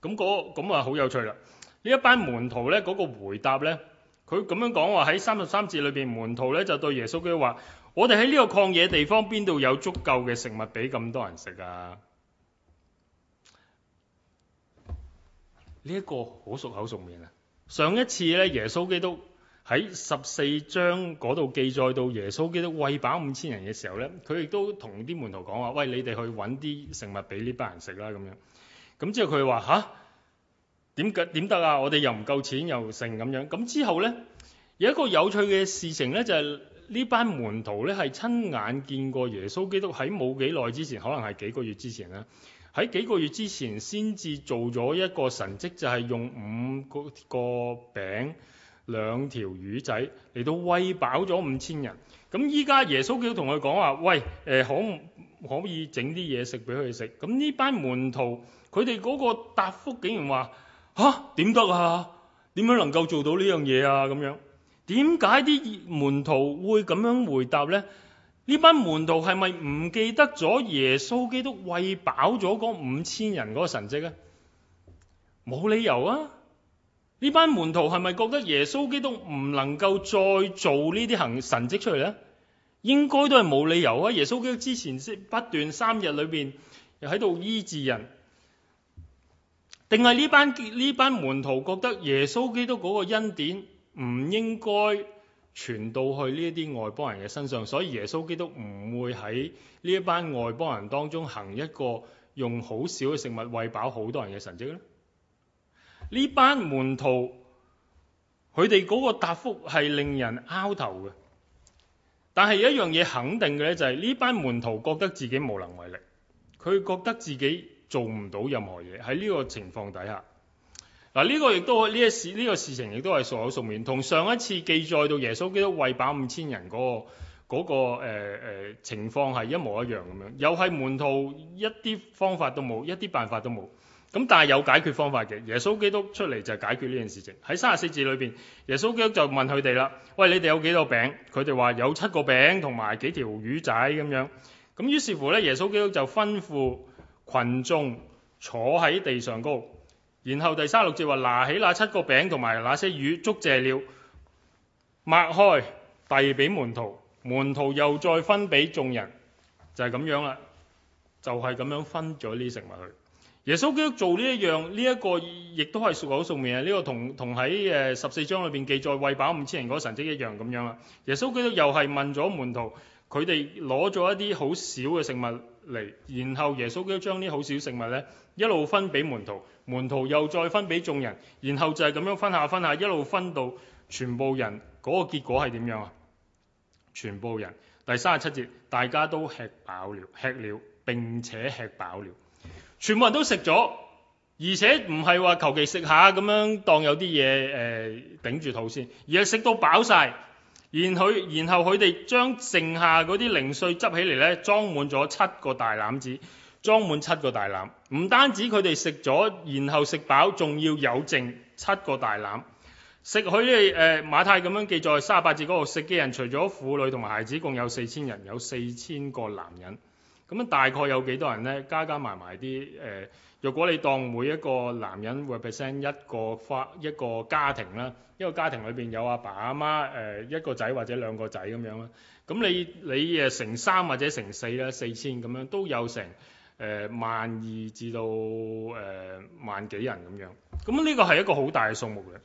咁嗰咁啊，好、那個那個、有趣啦！呢一班門徒咧，嗰個回答咧，佢咁樣講話，喺三十三節裏邊，門徒咧就對耶穌基督話：，我哋喺呢個曠野地方，邊度有足夠嘅食物俾咁多人食啊？呢、這、一個好熟口熟面啊！上一次咧，耶穌基督。喺十四章嗰度記載到耶穌基督餵飽五千人嘅時候呢，佢亦都同啲門徒講話：，喂，你哋去揾啲食物俾呢班人食啦。咁樣，咁之後佢話吓，點解？點得啊？我哋又唔夠錢又剩咁樣。咁之後呢，有一個有趣嘅事情呢，就係呢班門徒呢係親眼見過耶穌基督喺冇幾耐之前，可能係幾個月之前啦，喺幾個月之前先至做咗一個神蹟，就係用五個個餅、兩條魚仔嚟到餵飽咗五千人，咁依家耶穌基督同佢講話：，喂，誒、呃、可唔可以整啲嘢食俾佢食？咁呢班門徒佢哋嗰個答覆竟然話：吓，點得啊？點樣、啊、能夠做到呢樣嘢啊？咁樣點解啲門徒會咁樣回答呢？呢班門徒係咪唔記得咗耶穌基督餵飽咗嗰五千人嗰個神跡啊？冇理由啊！呢班門徒係咪覺得耶穌基督唔能夠再做呢啲行神蹟出嚟呢？應該都係冇理由啊！耶穌基督之前不斷三日裏邊又喺度醫治人，定係呢班呢班門徒覺得耶穌基督嗰個恩典唔應該傳到去呢一啲外邦人嘅身上，所以耶穌基督唔會喺呢一班外邦人當中行一個用好少嘅食物餵飽好多人嘅神蹟呢？呢班門徒，佢哋嗰個答覆係令人拗頭嘅。但係有一樣嘢肯定嘅咧、就是，就係呢班門徒覺得自己無能為力，佢覺得自己做唔到任何嘢。喺呢個情況底下，嗱、這、呢個亦都呢一、這個、事呢、這個事情亦都係熟口熟面，同上一次記載到耶穌基督餵飽五千人嗰、那個嗰、那個、呃、情況係一模一樣咁樣，又係門徒一啲方法都冇，一啲辦法都冇。咁但係有解決方法嘅，耶穌基督出嚟就係解決呢件事情。喺三十四節裏邊，耶穌基督就問佢哋啦：喂，你哋有幾多餅？佢哋話有七個餅同埋幾條魚仔咁樣。咁於是乎咧，耶穌基督就吩咐群眾坐喺地上高。然後第三六節話：拿起那七個餅同埋那些魚，祝謝了，擘開，遞俾門徒，門徒又再分俾眾人，就係、是、咁樣啦，就係、是、咁樣分咗呢食物去。耶穌基督做呢一樣呢一個，亦都係熟口熟面啊！呢個同同喺誒十四章裏邊記載餵飽五千人嗰個神跡一樣咁樣啦。耶穌基督又係問咗門徒，佢哋攞咗一啲好少嘅食物嚟，然後耶穌基督將啲好少食物呢一路分俾門徒，門徒又再分俾眾人，然後就係咁樣分下分下，一路分到全部人，嗰個結果係點樣啊？全部人第三十七節，大家都吃飽了，吃了並且吃飽了。全部人都食咗，而且唔係話求其食下咁樣，當有啲嘢誒頂住肚先，而係食到飽晒。然後，然後佢哋將剩下嗰啲零碎執起嚟呢，裝滿咗七個大籃子，裝滿七個大籃。唔單止佢哋食咗，然後食飽，仲要有剩七個大籃。食佢哋誒馬太咁樣記載三十八節嗰度，食嘅、那個、人除咗婦女同埋孩子，共有四千人，有四千個男人。咁大概有幾多人呢？加加埋埋啲誒，若、呃、果你當每一個男人 represent 一個花一個家庭啦，一個家庭裏邊有阿爸阿媽誒一個仔、呃、或者兩個仔咁樣啦，咁你你誒乘三或者乘四啦，四千咁樣都有成誒萬二至到誒、呃、萬幾人咁樣，咁呢個係一個好大嘅數目嘅。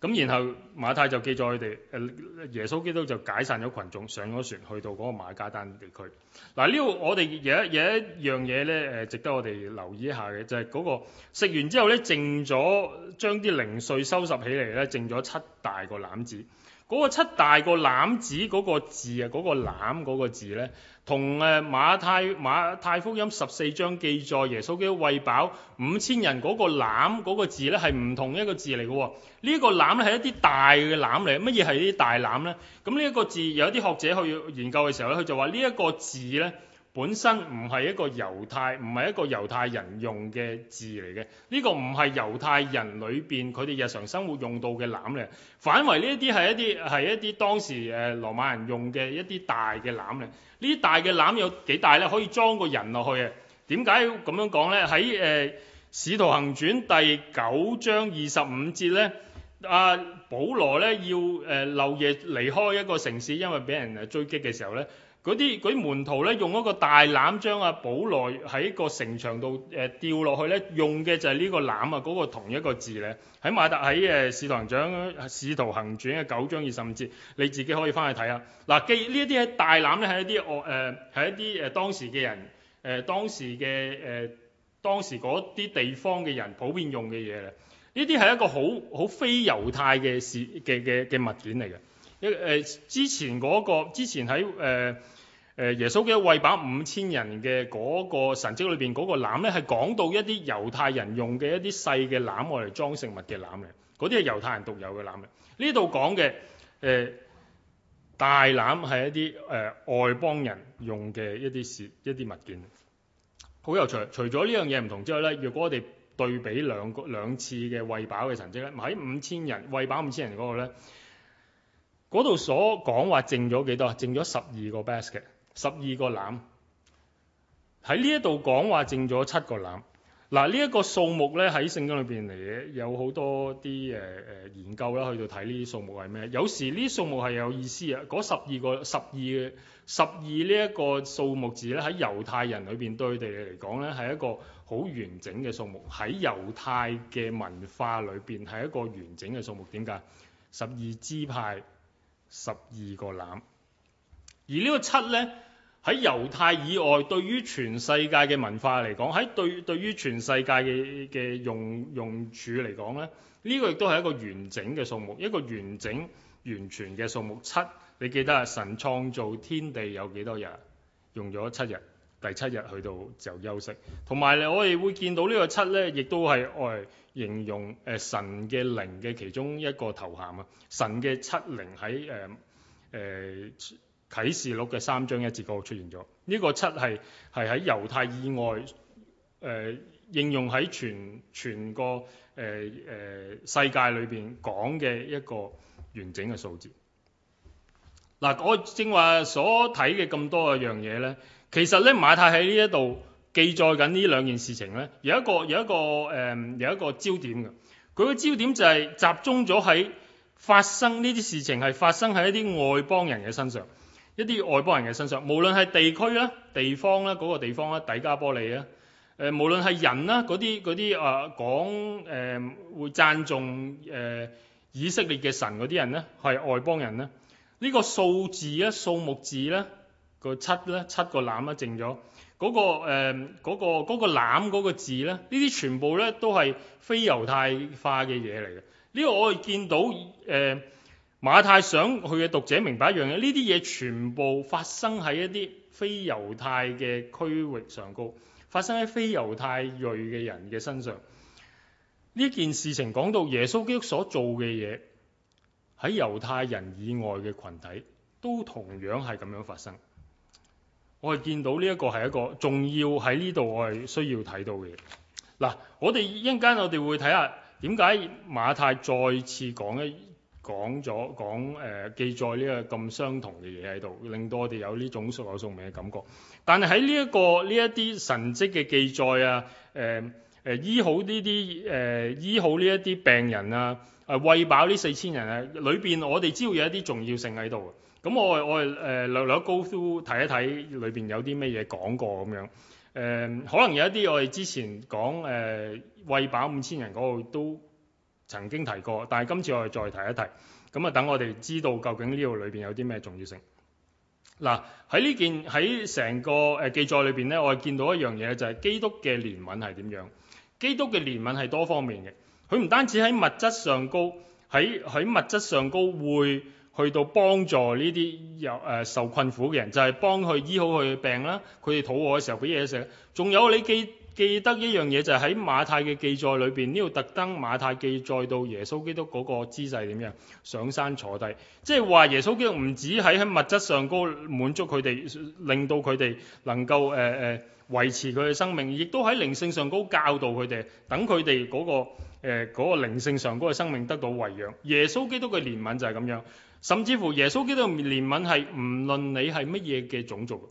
咁然後馬太就記載，佢哋誒耶穌基督就解散咗群眾，上咗船去到嗰個馬加丹地區。嗱呢度我哋有一有一樣嘢咧，誒值得我哋留意一下嘅，就係嗰個食完之後咧，剩咗將啲零碎收拾起嚟咧，剩咗七大個籃子。嗰個七大個籃子嗰個字，嗰個、個字啊，嗰個籃嗰個字咧，同誒馬太馬太福音十四章記載耶穌佢餵飽五千人嗰個籃嗰個字咧，係唔同一個字嚟嘅喎。呢、呢、一個籃係一啲大嘅籃嚟，乜嘢係呢啲大籃咧？咁呢一個字，有啲學者去研究嘅時候咧，佢就話呢一個字咧。本身唔係一個猶太唔係一個猶太人用嘅字嚟嘅，呢、這個唔係猶太人裏邊佢哋日常生活用到嘅籃咧，反為呢一啲係一啲係一啲當時誒、呃、羅馬人用嘅一啲大嘅籃咧，呢啲大嘅籃有幾大咧？可以裝個人落去嘅。點解咁樣講咧？喺誒、呃《使徒行傳》第九章二十五節咧，阿保羅咧要誒、呃、漏夜離開一個城市，因為俾人誒追擊嘅時候咧。嗰啲嗰啲門徒咧，用一個大籃將阿保羅喺個城牆度誒掉落去咧，用嘅就係呢個籃啊，嗰、那個同一個字咧，喺馬太，喺誒《使、呃、徒，徒行將》《使徒行傳》嘅九章二十五節，你自己可以翻去睇下。嗱、啊，既呢一啲喺大籃咧，係、呃、一啲我誒係一啲誒當時嘅人誒、呃、當時嘅誒、呃、當時嗰啲、呃、地方嘅人普遍用嘅嘢咧，呢啲係一個好好非猶太嘅事嘅嘅嘅物件嚟嘅。一、呃、誒之前嗰、那個之前喺誒。呃誒耶穌嘅餵飽五千人嘅嗰個神蹟裏邊嗰個籃咧，係講到一啲猶太人用嘅一啲細嘅籃，我嚟裝食物嘅籃嚟，嗰啲係猶太人獨有嘅籃嚟。呢度講嘅誒大籃係一啲誒、呃、外邦人用嘅一啲事一啲物件，好有趣。除咗呢樣嘢唔同之外咧，若果我哋對比兩個兩次嘅餵飽嘅神蹟咧，喺五千人餵飽五千人嗰個咧，嗰度所講話剩咗幾多啊？剩咗十二個 basket。十二個籃。喺呢一度講話剩咗七個籃。嗱，呢一個數目咧，喺聖經裏邊嚟嘅，有好多啲誒、誒研究啦，去到睇呢啲數目係咩？有時呢啲數目係有意思啊！嗰十二個十二十二呢一個數目字咧，喺猶太人裏邊，對佢哋嚟講咧，係一個好完整嘅數目。喺猶太嘅文化裏邊係一個完整嘅數目。點解？十二支派、十二個籃。而呢個七咧？喺猶太以外，對於全世界嘅文化嚟講，喺對對於全世界嘅嘅用用處嚟講咧，呢、這個亦都係一個完整嘅數目，一個完整完全嘅數目七。你記得啊，神創造天地有幾多日？用咗七日，第七日去到就休息。同埋咧，我哋會見到呢個七咧，亦都係我哋形容誒、呃、神嘅靈嘅其中一個頭銜啊。神嘅七靈喺誒誒。呃呃啟示錄嘅三章一節嗰度出現咗呢、這個七係係喺猶太以外誒、呃、應用喺全全個誒誒、呃呃、世界裏邊講嘅一個完整嘅數字嗱、啊。我正話所睇嘅咁多嘅樣嘢咧，其實咧馬太喺呢一度記載緊呢兩件事情咧，有一個有一個誒、呃、有一個焦點嘅，佢個焦點就係集中咗喺發生呢啲事情係發生喺一啲外邦人嘅身上。一啲外邦人嘅身上，無論係地區啦、地方啦、嗰、嗰個地方咧、底加波利咧，誒、呃，無論係人啦，嗰啲啲啊講誒、呃、會讚頌誒以色列嘅神嗰啲人咧，係外邦人咧，呢、這個數字咧、數目字咧，個七咧、七個籃咧，淨咗嗰個誒嗰、呃嗰個嗰、那個那個那個籃嗰個、字咧，呢啲全部咧都係非猶太化嘅嘢嚟嘅，呢、這個我哋見到誒。呃馬太想佢嘅讀者明白一樣嘢，呢啲嘢全部發生喺一啲非猶太嘅區域上高，發生喺非猶太裔嘅人嘅身上。呢件事情講到耶穌基督所做嘅嘢，喺猶太人以外嘅群體都同樣係咁樣發生。我哋見到呢一個係一個重要喺呢度，我哋需要睇到嘅嘢。嗱，我哋一陣間我哋會睇下點解馬太再次講咧。講咗講誒、呃、記載呢個咁相同嘅嘢喺度，令到我哋有呢種熟有熟面嘅感覺。但係喺呢一個呢一啲神跡嘅記載啊，誒、呃、誒、呃、醫好呢啲誒醫好呢一啲病人啊，誒、呃、餵飽呢四千人啊，裏邊我哋知道有一啲重要性喺度。咁我我誒、呃、略略 go through 睇一睇裏邊有啲咩嘢講過咁樣。誒、呃、可能有一啲我哋之前講誒餵飽五千人嗰度都。曾經提過，但係今次我哋再提一提，咁啊等我哋知道究竟呢度裏邊有啲咩重要性。嗱，喺呢件喺成個誒、呃、記載裏邊咧，我哋見到一樣嘢就係、是、基督嘅憐憫係點樣？基督嘅憐憫係多方面嘅，佢唔單止喺物質上高，喺喺物質上高會去到幫助呢啲有誒受困苦嘅人，就係幫佢醫好佢嘅病啦，佢哋肚餓嘅時候俾嘢食，仲有你記。記得一樣嘢就係喺馬太嘅記載裏邊，呢度特登馬太記載到耶穌基督嗰個姿勢點樣上山坐低，即係話耶穌基督唔止喺喺物質上高滿足佢哋，令到佢哋能夠誒誒維持佢嘅生命，亦都喺靈性上高教導佢哋，等佢哋嗰個誒嗰個靈性上高嘅生命得到維養。耶穌基督嘅憐憫就係咁樣，甚至乎耶穌基督嘅憐憫係唔論你係乜嘢嘅種族。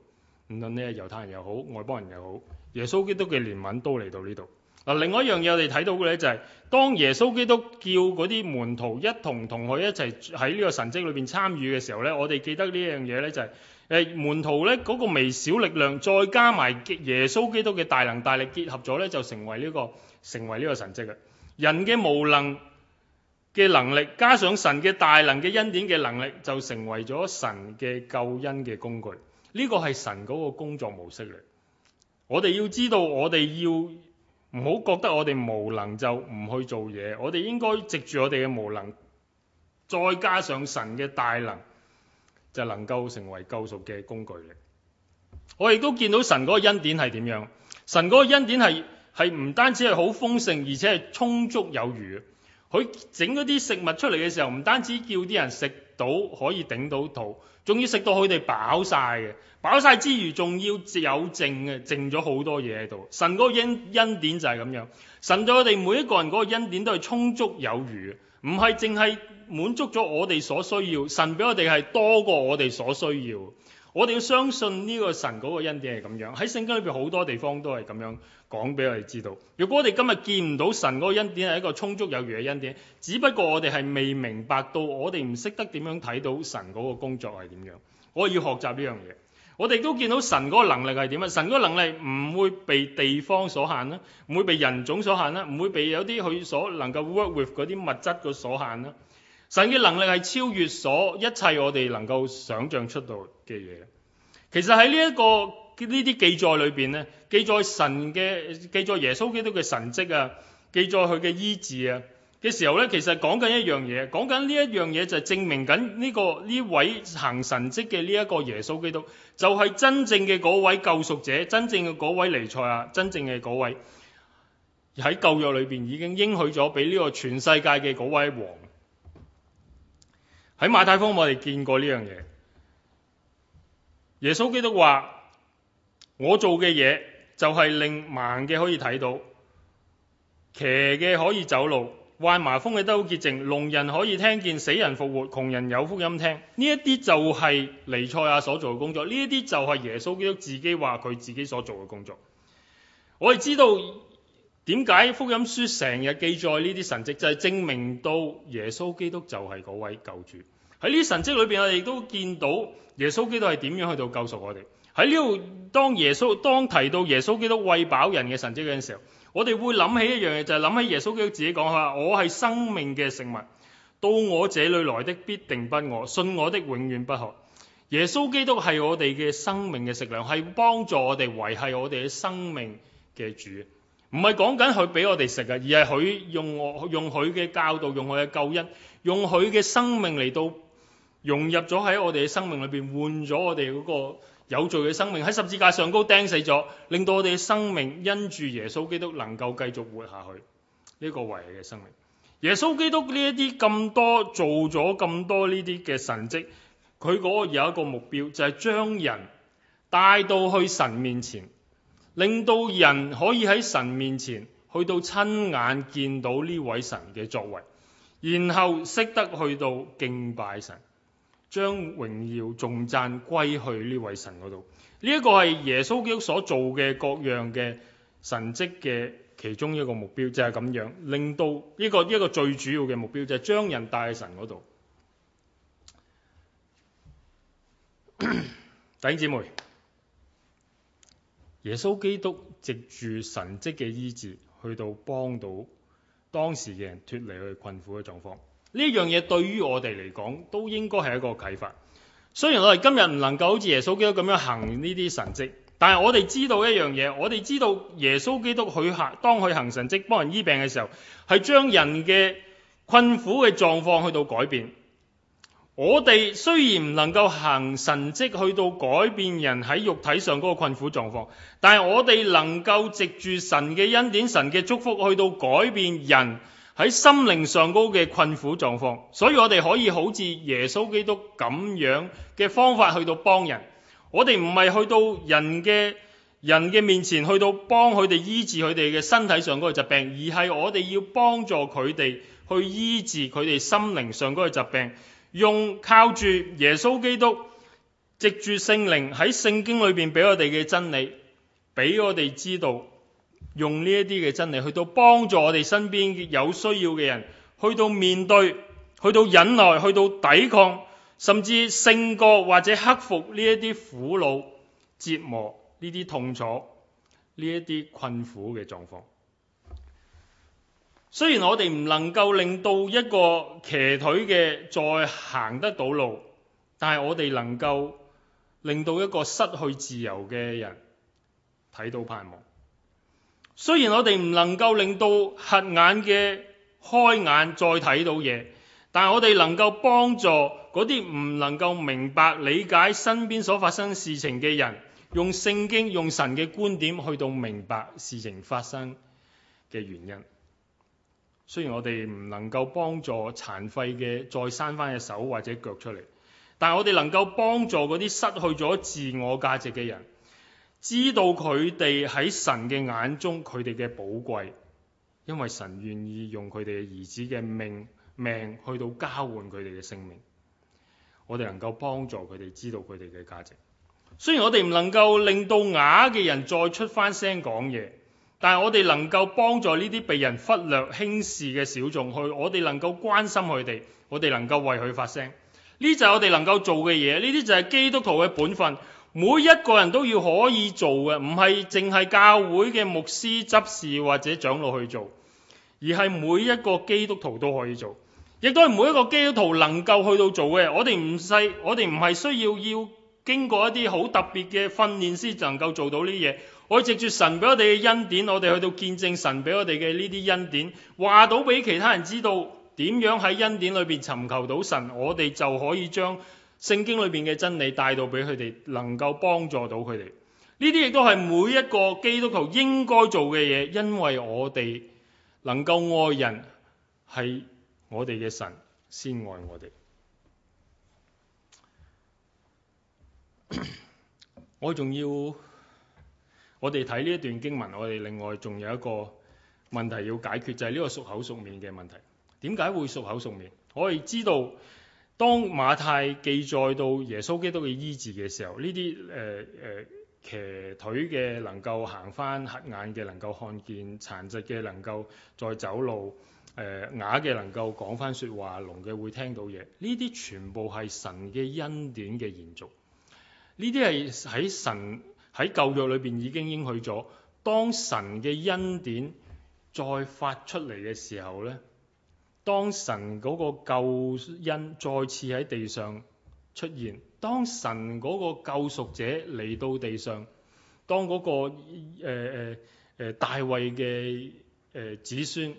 無論你係猶太人又好，外邦人又好，耶穌基督嘅憐憫都嚟到呢度。嗱，另外一樣嘢我哋睇到嘅咧就係，當耶穌基督叫嗰啲門徒一同同佢一齊喺呢個神蹟裏邊參與嘅時候咧，我哋記得呢樣嘢咧就係，誒門徒咧嗰個微小力量，再加埋耶穌基督嘅大能大力結合咗咧，就成為呢個成為呢個神蹟啦。人嘅無能嘅能力，加上神嘅大能嘅恩典嘅能力，就成為咗神嘅救恩嘅工具。呢個係神嗰個工作模式嚟，我哋要知道，我哋要唔好覺得我哋無能就唔去做嘢，我哋應該藉住我哋嘅無能，再加上神嘅大能，就能夠成為救贖嘅工具嚟。我亦都見到神嗰個恩典係點樣，神嗰個恩典係係唔單止係好豐盛，而且係充足有餘。佢整嗰啲食物出嚟嘅時候，唔單止叫啲人食到可以頂到肚，仲要食到佢哋飽晒嘅，飽晒之餘仲要有剩嘅，剩咗好多嘢喺度。神嗰個恩恩典就係咁樣，神對我哋每一個人嗰個恩典都係充足有餘，唔係淨係滿足咗我哋所需要，神俾我哋係多過我哋所需要。我哋要相信呢個神嗰個恩典係咁樣，喺聖經裏邊好多地方都係咁樣講俾我哋知道。如果我哋今日見唔到神嗰個恩典係一個充足有餘嘅恩典，只不過我哋係未明白到，我哋唔識得點樣睇到神嗰個工作係點樣。我哋要學習呢樣嘢。我哋都見到神嗰個能力係點啊？神嗰個能力唔會被地方所限啦，唔會被人種所限啦，唔會被有啲佢所能夠 work with 嗰啲物質嘅所限啦。神嘅能力係超越所一切我哋能夠想象出到嘅嘢。其實喺呢一個呢啲記載裏邊咧，記載神嘅記載耶穌基督嘅神蹟啊，記載佢嘅醫治啊嘅時候咧，其實講緊一樣嘢，講緊呢一樣嘢就證明緊呢、這個呢位行神蹟嘅呢一個耶穌基督就係、是、真正嘅位救贖者，真正嘅位彌賽亞，真正嘅位喺舊約裏邊已經應許咗俾呢個全世界嘅位王。喺馬太福音我哋見過呢樣嘢。耶穌基督話：我做嘅嘢就係令盲嘅可以睇到，騎嘅可以走路，患麻風嘅都好潔淨，聾人可以聽見，死人復活，窮人有福音聽。呢一啲就係尼賽亞所做嘅工作，呢一啲就係耶穌基督自己話佢自己所做嘅工作。我哋知道。點解福音書成日記載呢啲神跡？就係證明到耶穌基督就係嗰位救主。喺呢啲神跡裏邊，我哋亦都見到耶穌基督係點樣去到救贖我哋喺呢度。當耶穌當提到耶穌基督餵飽人嘅神跡嗰陣時候，我哋會諗起一樣嘢，就係諗起耶穌基督自己講下：「我係生命嘅食物，到我這裏來的必定不餓，信我的永遠不渴。」耶穌基督係我哋嘅生命嘅食糧，係幫助我哋維係我哋嘅生命嘅主。唔係講緊佢俾我哋食呀，而係佢用我用佢嘅教導，用佢嘅救恩，用佢嘅生命嚟到融入咗喺我哋嘅生命裏邊，換咗我哋嗰個有罪嘅生命喺十字架上高釘死咗，令到我哋嘅生命因住耶穌基督能夠繼續活下去呢個偉大嘅生命。耶穌基督呢一啲咁多做咗咁多呢啲嘅神蹟，佢嗰個有一個目標，就係將人帶到去神面前。令到人可以喺神面前去到親眼見到呢位神嘅作為，然後識得去到敬拜神，將榮耀頌讚歸去呢位神嗰度。呢、這、一個係耶穌基督所做嘅各樣嘅神蹟嘅其中一個目標，就係、是、咁樣。令到呢、這個一、這個最主要嘅目標就係、是、將人帶去神嗰度。 弟兄姊妹。耶穌基督藉住神迹嘅醫治，去到幫到當時嘅人脱離佢困苦嘅狀況。呢樣嘢對於我哋嚟講都應該係一個啟發。雖然我哋今日唔能夠好似耶穌基督咁樣行呢啲神跡，但係我哋知道一樣嘢，我哋知道耶穌基督去行當佢行神迹幫人醫病嘅時候，係將人嘅困苦嘅狀況去到改變。我哋雖然唔能夠行神蹟去到改變人喺肉體上嗰個困苦狀況，但係我哋能夠藉住神嘅恩典、神嘅祝福去到改變人喺心靈上高嘅困苦狀況。所以我哋可以好似耶穌基督咁樣嘅方法去到幫人。我哋唔係去到人嘅人嘅面前去到幫佢哋醫治佢哋嘅身體上嗰個疾病，而係我哋要幫助佢哋去醫治佢哋心靈上嗰個疾病。用靠住耶穌基督，藉住聖靈喺聖經裏邊俾我哋嘅真理，俾我哋知道，用呢一啲嘅真理去到幫助我哋身邊有需要嘅人，去到面對，去到忍耐，去到抵抗，甚至勝過或者克服呢一啲苦惱、折磨、呢啲痛楚、呢一啲困苦嘅狀況。雖然我哋唔能夠令到一個瘸腿嘅再行得到路，但係我哋能夠令到一個失去自由嘅人睇到盼望。雖然我哋唔能夠令到瞎眼嘅開眼再睇到嘢，但係我哋能夠幫助嗰啲唔能夠明白理解身邊所發生事情嘅人，用聖經用神嘅觀點去到明白事情發生嘅原因。雖然我哋唔能夠幫助殘廢嘅再生翻隻手或者腳出嚟，但係我哋能夠幫助嗰啲失去咗自我價值嘅人，知道佢哋喺神嘅眼中佢哋嘅寶貴，因為神願意用佢哋嘅兒子嘅命命去到交換佢哋嘅性命。我哋能夠幫助佢哋知道佢哋嘅價值。雖然我哋唔能夠令到啞嘅人再出翻聲講嘢。但係我哋能夠幫助呢啲被人忽略輕視嘅小眾去，我哋能夠關心佢哋，我哋能夠為佢發聲，呢就係我哋能夠做嘅嘢，呢啲就係基督徒嘅本分，每一個人都要可以做嘅，唔係淨係教會嘅牧師執事或者長老去做，而係每一個基督徒都可以做，亦都係每一個基督徒能夠去到做嘅。我哋唔係，我哋唔係需要要，經過一啲好特別嘅訓練先能夠做到呢嘢，我藉住神俾我哋嘅恩典，我哋去到見證神俾我哋嘅呢啲恩典，話到俾其他人知道點樣喺恩典裏邊尋求到神，我哋就可以將聖經裏邊嘅真理帶到俾佢哋，能夠幫助到佢哋。呢啲亦都係每一個基督徒應該做嘅嘢，因為我哋能夠愛人係我哋嘅神先愛我哋。 我仲要我哋睇呢一段經文，我哋另外仲有一個問題要解決，就係、是、呢個熟口熟面嘅問題。點解會熟口熟面？我哋知道當馬太記載到耶穌基督嘅醫治嘅時候，呢啲誒誒，瘸、呃、腿嘅能夠行翻，瞎眼嘅能夠看見，殘疾嘅能夠再走路，誒、呃，啞嘅能夠講翻說話，聾嘅會聽到嘢。呢啲全部係神嘅恩典嘅延續。呢啲係喺神喺舊約裏邊已經應許咗，當神嘅恩典再發出嚟嘅時候咧，當神嗰個救恩再次喺地上出現，當神嗰個救贖者嚟到地上，當嗰、那個誒誒、呃呃、大衛嘅誒、呃、子孫，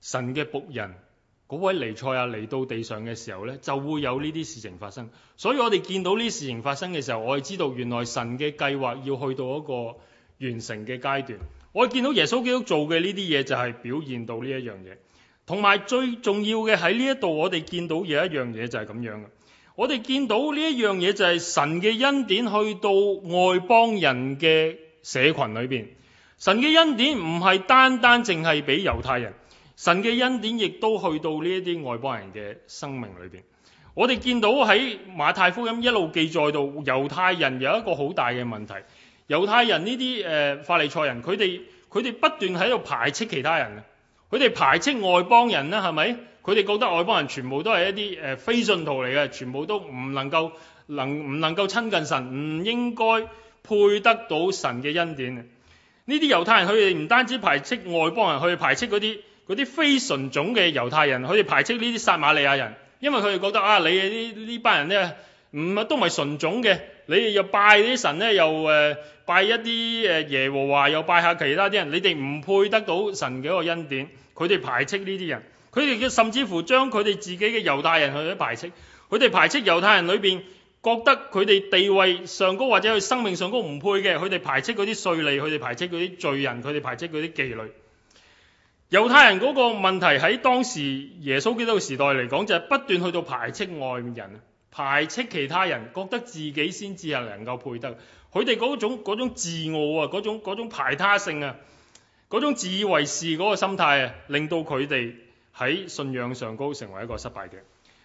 神嘅僕人，嗰位彌賽亞嚟到地上嘅時候咧，就會有呢啲事情發生。所以我哋見到呢事情發生嘅時候，我哋知道原來神嘅計劃要去到一個完成嘅階段。我哋見到耶穌基督做嘅呢啲嘢就係表現到呢一樣嘢。同埋最重要嘅喺呢一度，我哋見到有一樣嘢就係咁樣嘅。我哋見到呢一樣嘢就係神嘅恩典去到外邦人嘅社群裏邊，神嘅恩典唔係單單淨係俾猶太人。神嘅恩典亦都去到呢一啲外邦人嘅生命裏邊。我哋見到喺馬太福音一路記載到猶太人有一個好大嘅問題，猶太人呢啲誒法利賽人，佢哋佢哋不斷喺度排斥其他人啊！佢哋排斥外邦人啦，係咪？佢哋覺得外邦人全部都係一啲誒非信徒嚟嘅，全部都唔能夠能唔能夠親近神，唔應該配得到神嘅恩典啊！呢啲猶太人佢哋唔單止排斥外邦人，去排斥嗰啲。嗰啲非純種嘅猶太人佢哋排斥呢啲撒瑪利亞人，因為佢哋覺得啊，你呢呢班人咧唔都唔係純種嘅，你又拜啲神咧又誒、呃、拜一啲誒耶和華，又拜下其他啲人，你哋唔配得到神嘅一個恩典，佢哋排斥呢啲人，佢哋甚至乎將佢哋自己嘅猶太人去排斥，佢哋排斥猶太人裏邊覺得佢哋地位上高或者佢生命上高唔配嘅，佢哋排斥嗰啲稅吏，佢哋排斥嗰啲罪人，佢哋排斥嗰啲妓女。猶太人嗰個問題喺當時耶穌基督嘅時代嚟講，就係、是、不斷去到排斥外面人，排斥其他人，覺得自己先至係能夠配得。佢哋嗰種嗰種自傲啊，嗰種嗰種排他性啊，嗰種自以為是嗰個心態啊，令到佢哋喺信仰上高成為一個失敗嘅。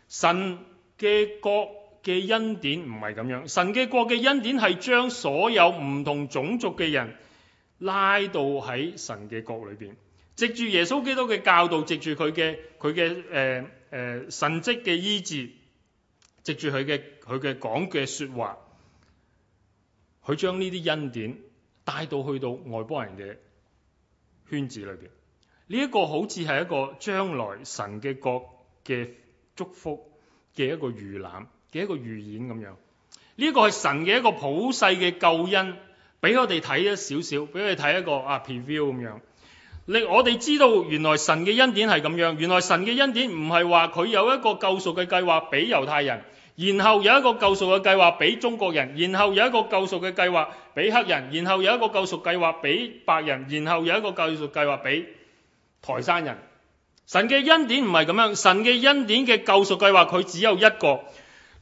神嘅國嘅恩典唔係咁樣，神嘅國嘅恩典係將所有唔同種族嘅人拉到喺神嘅國裏邊。藉住耶穌基督嘅教導，藉住佢嘅佢嘅誒誒神跡嘅醫治，藉住佢嘅佢嘅講嘅説話，佢將呢啲恩典帶到去到外邦人嘅圈子裏邊。呢、這個、一個好似係一個將來神嘅國嘅祝福嘅一個預覽，嘅一個預演咁樣。呢、這個係神嘅一個普世嘅救恩，俾我哋睇一少少，俾我哋睇一個啊 preview 咁樣。你我哋知道，原來神嘅恩典係咁樣。原來神嘅恩典唔係話佢有一個救贖嘅計劃畀猶太人，然後有一個救贖嘅計劃畀中國人，然後有一個救贖嘅計劃畀黑人，然後有一個救贖計劃畀白人，然後有一個救贖計劃畀台山人。神嘅恩典唔係咁樣，神嘅恩典嘅救贖計劃佢只有一個，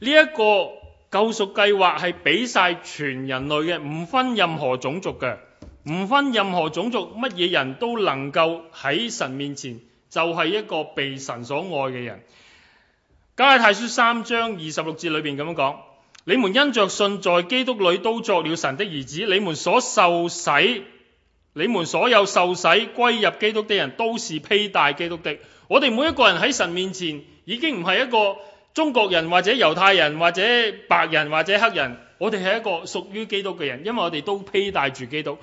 呢一個救贖計劃係畀晒全人類嘅，唔分任何種族嘅。唔分任何種族，乜嘢人都能夠喺神面前，就係一個被神所愛嘅人。加拉太書三章二十六節裏邊咁樣講：你們因着信在基督裏都作了神的兒子，你們所受洗，你們所有受洗歸入基督的人，都是披戴基督的。我哋每一個人喺神面前，已經唔係一個中國人或者猶太人或者白人或者黑人，我哋係一個屬於基督嘅人，因為我哋都披戴住基督。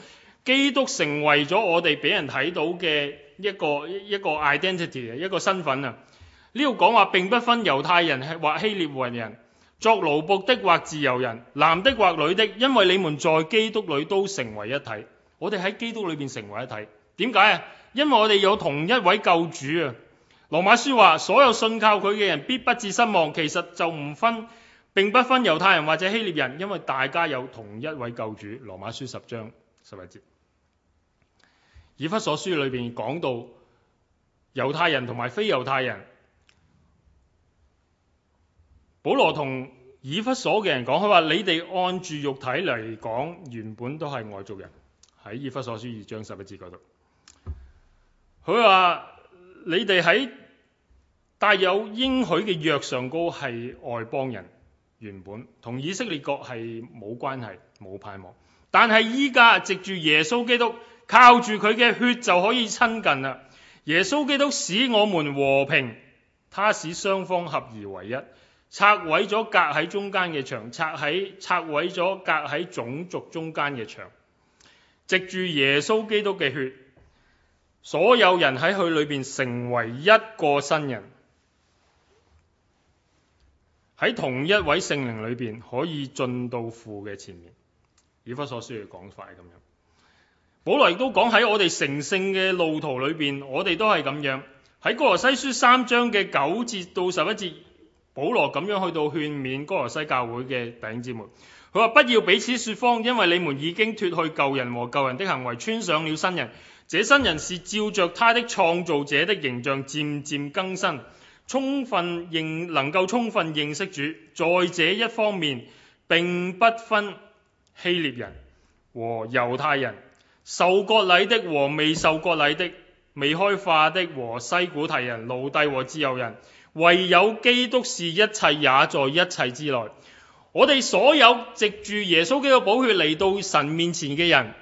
基督成為咗我哋俾人睇到嘅一個一個 identity，一個身份啊！呢度講話，並不分猶太人或希臘人，作奴僕的或自由人，男的或女的，因為你們在基督裏都成為一體。我哋喺基督裏面成為一體，點解啊？因為我哋有同一位救主啊！羅馬書話：所有信靠佢嘅人必不致失望。其實就唔分，並不分猶太人或者希臘人，因為大家有同一位救主。羅馬書十章十一節。以弗所書裏邊講到猶太人同埋非猶太人，保羅同以弗所嘅人講，佢話：你哋按住肉體嚟講，原本都係外族人。喺以弗所書二章十一節嗰度。佢話：你哋喺帶有應許嘅約上高係外邦人，原本同以色列國係冇關係、冇盼望。但係依家藉住耶穌基督。靠住佢嘅血就可以親近啦。耶穌基督使我們和平，他使雙方合而為一，拆毀咗隔喺中間嘅牆，拆喺拆毀咗隔喺種族中間嘅牆。藉住耶穌基督嘅血，所有人喺佢裏邊成為一個新人，喺同一位聖靈裏邊可以進到父嘅前面。以弗所書嘅講法係咁樣。保羅亦都講，喺我哋成聖嘅路途裏邊，我哋都係咁樣。喺哥羅西書三章嘅九節到十一節，保羅咁樣去到勸勉哥羅西教會嘅弟兄姊妹，佢話：不要彼此説謊，因為你們已經脱去舊人和舊人的行為，穿上了新人。這新人是照着他的創造者的形象漸漸更新，充分認能夠充分認識主，在這一方面並不分希臘人和猶太人，受割禮的和未受割禮的，未開化的和西古提人、奴隸和自由人，唯有基督是一切也在一切之內。我哋所有藉住耶穌基督寶血嚟到神面前嘅人，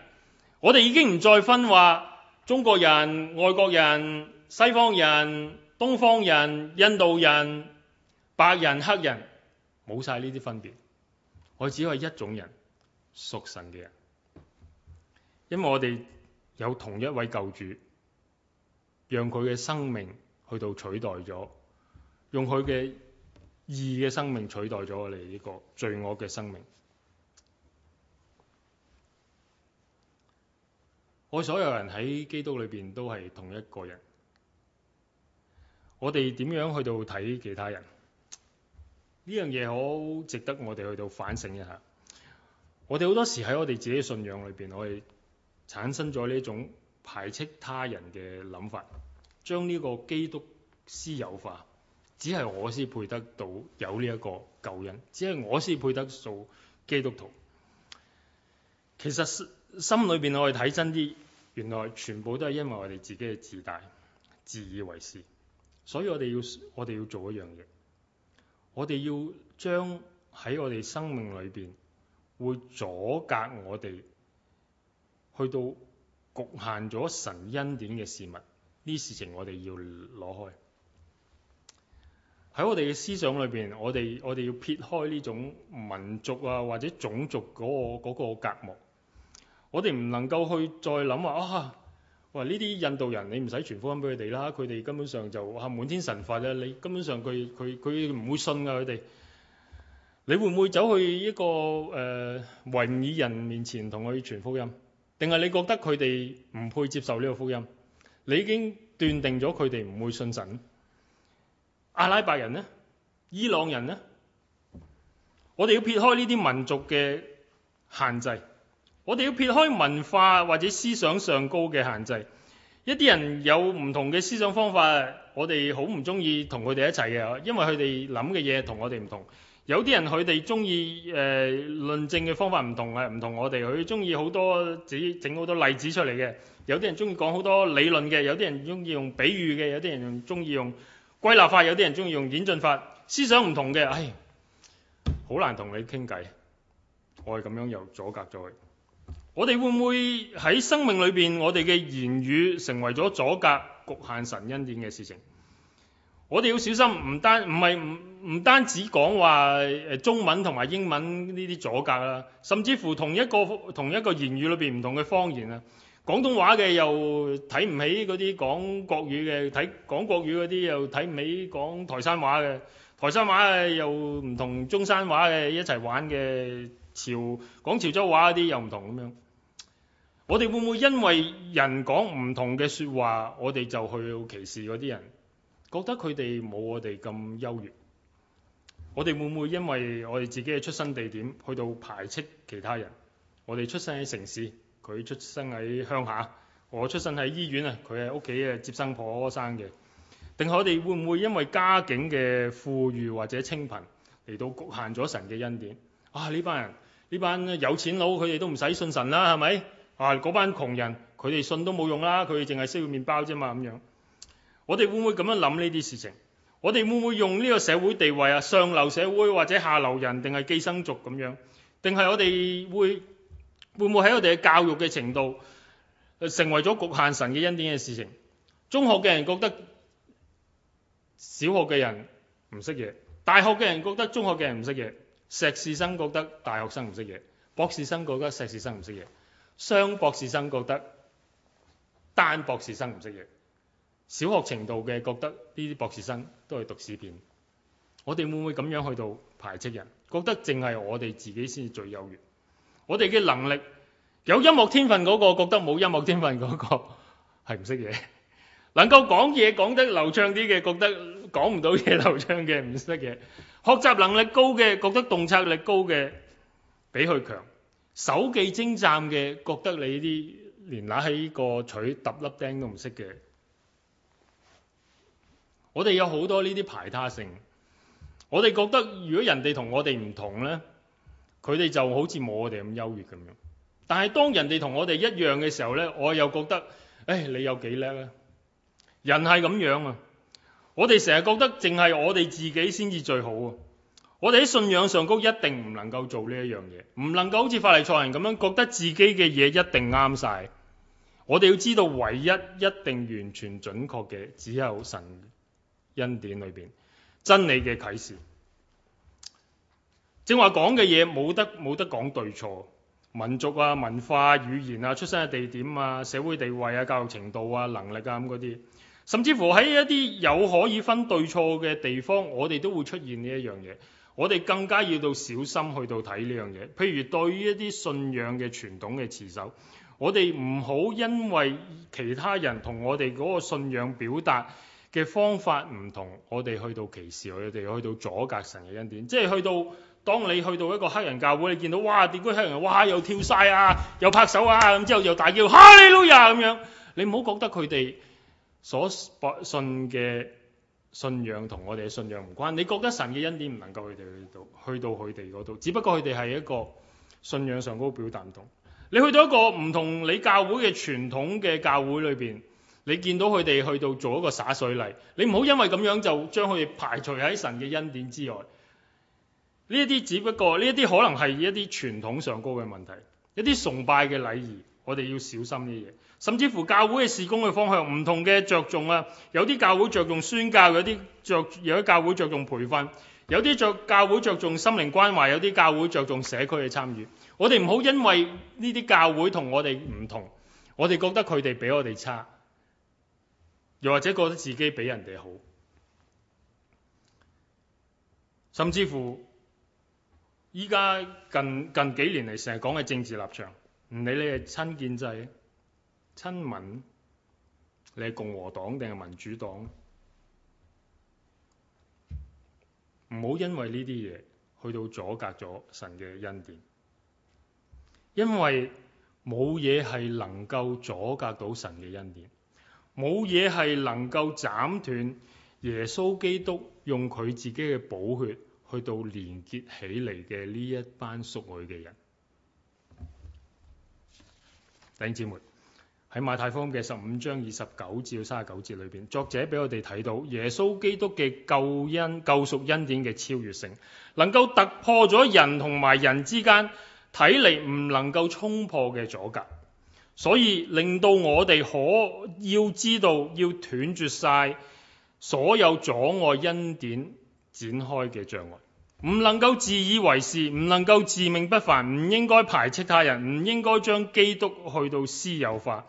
我哋已經唔再分話中國人、外國人、西方人、東方人、印度人、白人、黑人，冇晒呢啲分別。我只係一種人，屬神嘅人。因為我哋有同一位救主，讓佢嘅生命去到取代咗，用佢嘅義嘅生命取代咗我哋呢個罪惡嘅生命。我所有人喺基督裏面都係同一個人。我哋點樣去到睇其他人？呢樣嘢好值得我哋去到反省一下。我哋好多時喺我哋自己嘅信仰裏面，我哋，產生咗呢種排斥他人嘅諗法，將呢個基督私有化，只係我先配得到有呢一個救恩，只係我先配得做基督徒。其實心裏邊我哋睇真啲，原來全部都係因為我哋自己嘅自大、自以為是，所以我哋要我哋要做一樣嘢，我哋要將喺我哋生命裏邊會阻隔我哋。去到局限咗神恩典嘅事物，呢事情我哋要攞開。喺我哋嘅思想裏邊，我哋我哋要撇開呢種民族啊、或者種族嗰個嗰個隔膜。我哋唔能夠去再諗話啊，哇呢啲印度人你唔使傳福音俾佢哋啦，佢哋根本上就啊滿天神佛咧！你根本上佢佢佢唔會信啊佢哋。你會唔會走去一個誒維吾爾人面前同佢傳福音？定係你覺得佢哋唔配接受呢個福音？你已經斷定咗佢哋唔會信神。阿拉伯人呢，伊朗人呢，我哋要撇開呢啲民族嘅限制，我哋要撇開文化或者思想上高嘅限制。一啲人有唔同嘅思想方法，我哋好唔中意同佢哋一齊嘅，因為佢哋諗嘅嘢同我哋唔同。有啲人佢哋中意誒論證嘅方法唔同啊，唔同我哋，佢中意好多自己整好多例子出嚟嘅。有啲人中意講好多理論嘅，有啲人中意用比喻嘅，有啲人仲中意用歸納法，有啲人中意用演進法。思想唔同嘅，唉，好難同你傾偈。我係咁樣又阻隔咗佢。我哋會唔會喺生命裏邊，我哋嘅言語成為咗阻隔、局限神恩典嘅事情？我哋要小心，唔單唔係唔唔單止講話誒、呃、中文同埋英文呢啲阻隔啦，甚至乎同一個同一個言語裏邊唔同嘅方言啊，廣東話嘅又睇唔起嗰啲講國語嘅，睇講國語嗰啲又睇唔起講台山話嘅，台山話啊又唔同中山話嘅一齊玩嘅潮講，講潮州話嗰啲又唔同咁樣，我哋會唔會因為人講唔同嘅說話，我哋就去歧視嗰啲人？覺得佢哋冇我哋咁優越，我哋會唔會因為我哋自己嘅出生地點去到排斥其他人？我哋出生喺城市，佢出生喺鄉下，我出生喺醫院啊，佢喺屋企啊接生婆婆生嘅，定係我哋會唔會因為家境嘅富裕或者清貧嚟到局限咗神嘅恩典？啊呢班人呢班有錢佬，佢哋都唔使信神啦，係咪？啊嗰班窮人，佢哋信都冇用啦，佢哋淨係需要麵包啫嘛咁樣。我哋會唔會咁樣諗呢啲事情？我哋會唔會用呢個社會地位啊，上流社會或者下流人定係寄生族咁樣？定係我哋會會唔會喺我哋嘅教育嘅程度，呃、成為咗局限神嘅恩典嘅事情？中學嘅人覺得小學嘅人唔識嘢，大學嘅人覺得中學嘅人唔識嘢，碩士生覺得大學生唔識嘢，博士生覺得碩士生唔識嘢，雙博士生覺得單博士生唔識嘢。小學程度嘅覺得呢啲博士生都係讀屎片，我哋會唔會咁樣去到排斥人？覺得淨係我哋自己先至最優越，我哋嘅能力有音樂天分嗰個，覺得冇音樂天分嗰個係唔識嘢；能夠講嘢講得流暢啲嘅，覺得講唔到嘢流暢嘅唔識嘢；學習能力高嘅，覺得洞察力高嘅比佢強；手技精湛嘅，覺得你啲連揦起個錘揼粒釘都唔識嘅。我哋有好多呢啲排他性。我哋覺得如果人哋同我哋唔同咧，佢哋就好似冇我哋咁優越咁樣。但係當人哋同我哋一樣嘅時候咧，我又覺得誒、哎、你有幾叻咧？人係咁樣啊！我哋成日覺得淨係我哋自己先至最好啊！我哋喺信仰上高一定唔能夠做呢一樣嘢，唔能夠好似法利賽人咁樣覺得自己嘅嘢一定啱晒。我哋要知道唯一一定完全準確嘅，只係好神。恩典裏邊，真理嘅啟示，正話講嘅嘢冇得冇得講對錯，民族啊、文化啊、語言啊、出生嘅地點啊、社會地位啊、教育程度啊、能力啊咁嗰啲，甚至乎喺一啲有可以分對錯嘅地方，我哋都會出現呢一樣嘢，我哋更加要到小心去到睇呢樣嘢。譬如對於一啲信仰嘅傳統嘅持守，我哋唔好因為其他人同我哋嗰個信仰表達嘅方法唔同，我哋去到歧視，我哋去到阻隔神嘅恩典，即係去到，當你去到一個黑人教會，你見到哇，點解黑人，哇又跳晒啊，又拍手啊，咁之後又大叫哈利路亞咁樣，你唔好覺得佢哋所信嘅信仰同我哋嘅信仰唔關，你覺得神嘅恩典唔能夠佢哋去到，去到佢哋嗰度，只不過佢哋係一個信仰上嗰個表達唔同。你去到一個唔同你教會嘅傳統嘅教會裏邊。你見到佢哋去到做一個灑水禮，你唔好因為咁樣就將佢哋排除喺神嘅恩典之外。呢一啲只不過呢一啲可能係一啲傳統上高嘅問題，一啲崇拜嘅禮儀，我哋要小心啲嘢。甚至乎教會嘅事工嘅方向唔同嘅着重啊，有啲教會着重宣教，有啲著有啲教會着重培訓，有啲著教會着重心靈關懷，有啲教會着重社區嘅參與。我哋唔好因為呢啲教會同我哋唔同，我哋覺得佢哋比我哋差。又或者覺得自己比人哋好，甚至乎依家近近幾年嚟成日講嘅政治立場，唔理你係親建制、親民，你係共和黨定係民主黨，唔好因為呢啲嘢去到阻隔咗神嘅恩典，因為冇嘢係能夠阻隔到神嘅恩典。冇嘢係能夠斬斷耶穌基督用佢自己嘅寶血去到連結起嚟嘅呢一班屬女嘅人。弟兄姊妹喺馬太福音嘅十五章二十九至三十九節裏邊，作者俾我哋睇到耶穌基督嘅救恩、救贖恩典嘅超越性，能夠突破咗人同埋人之間睇嚟唔能夠衝破嘅阻隔。所以令到我哋可要知道要斷絕晒所有阻礙恩典展開嘅障礙，唔能夠自以為是，唔能夠自命不凡，唔應該排斥他人，唔應該將基督去到私有化，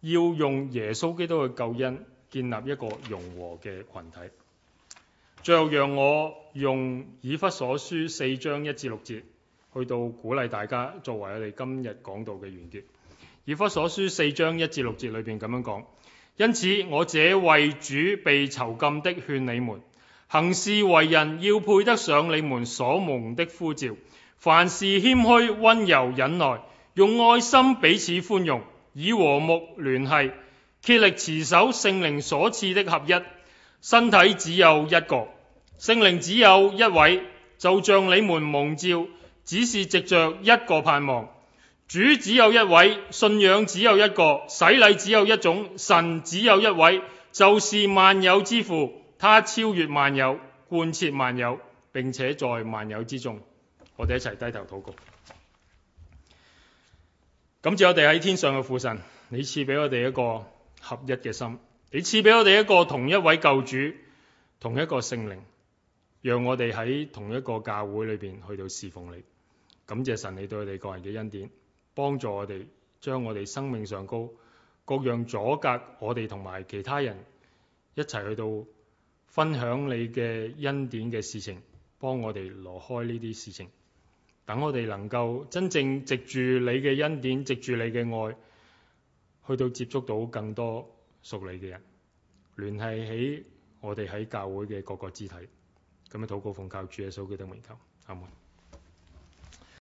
要用耶穌基督嘅救恩建立一個融合嘅群體。最後，讓我用以弗所書四章一至六節去到鼓勵大家，作為我哋今日講道嘅完結。以弗所書四章一至六節裏面咁樣講，因此我這為主被囚禁的勸你們，行事為人要配得上你們所蒙的呼召，凡事謙虛、溫柔、忍耐，用愛心彼此寬容，以和睦聯繫，竭力持守聖靈所賜的合一，身體只有一個，聖靈只有一位，就像你們蒙召，只是藉着一個盼望。主只有一位，信仰只有一個，洗禮只有一種，神只有一位，就是萬有之父，他超越萬有，貫徹萬有，並且在萬有之中。我哋一齊低頭禱告。感謝我哋喺天上嘅父神，你賜俾我哋一個合一嘅心，你賜俾我哋一個同一位救主，同一個聖靈，讓我哋喺同一個教會裏邊去到侍奉你。感謝神，你對我哋個人嘅恩典。幫助我哋將我哋生命上高各樣阻隔我哋同埋其他人一齊去到分享你嘅恩典嘅事情，幫我哋挪開呢啲事情，等我哋能夠真正藉住你嘅恩典，藉住你嘅愛，去到接觸到更多屬你嘅人，聯繫起我哋喺教會嘅各個肢體。咁樣禱告奉靠主耶穌基督的名求，阿門。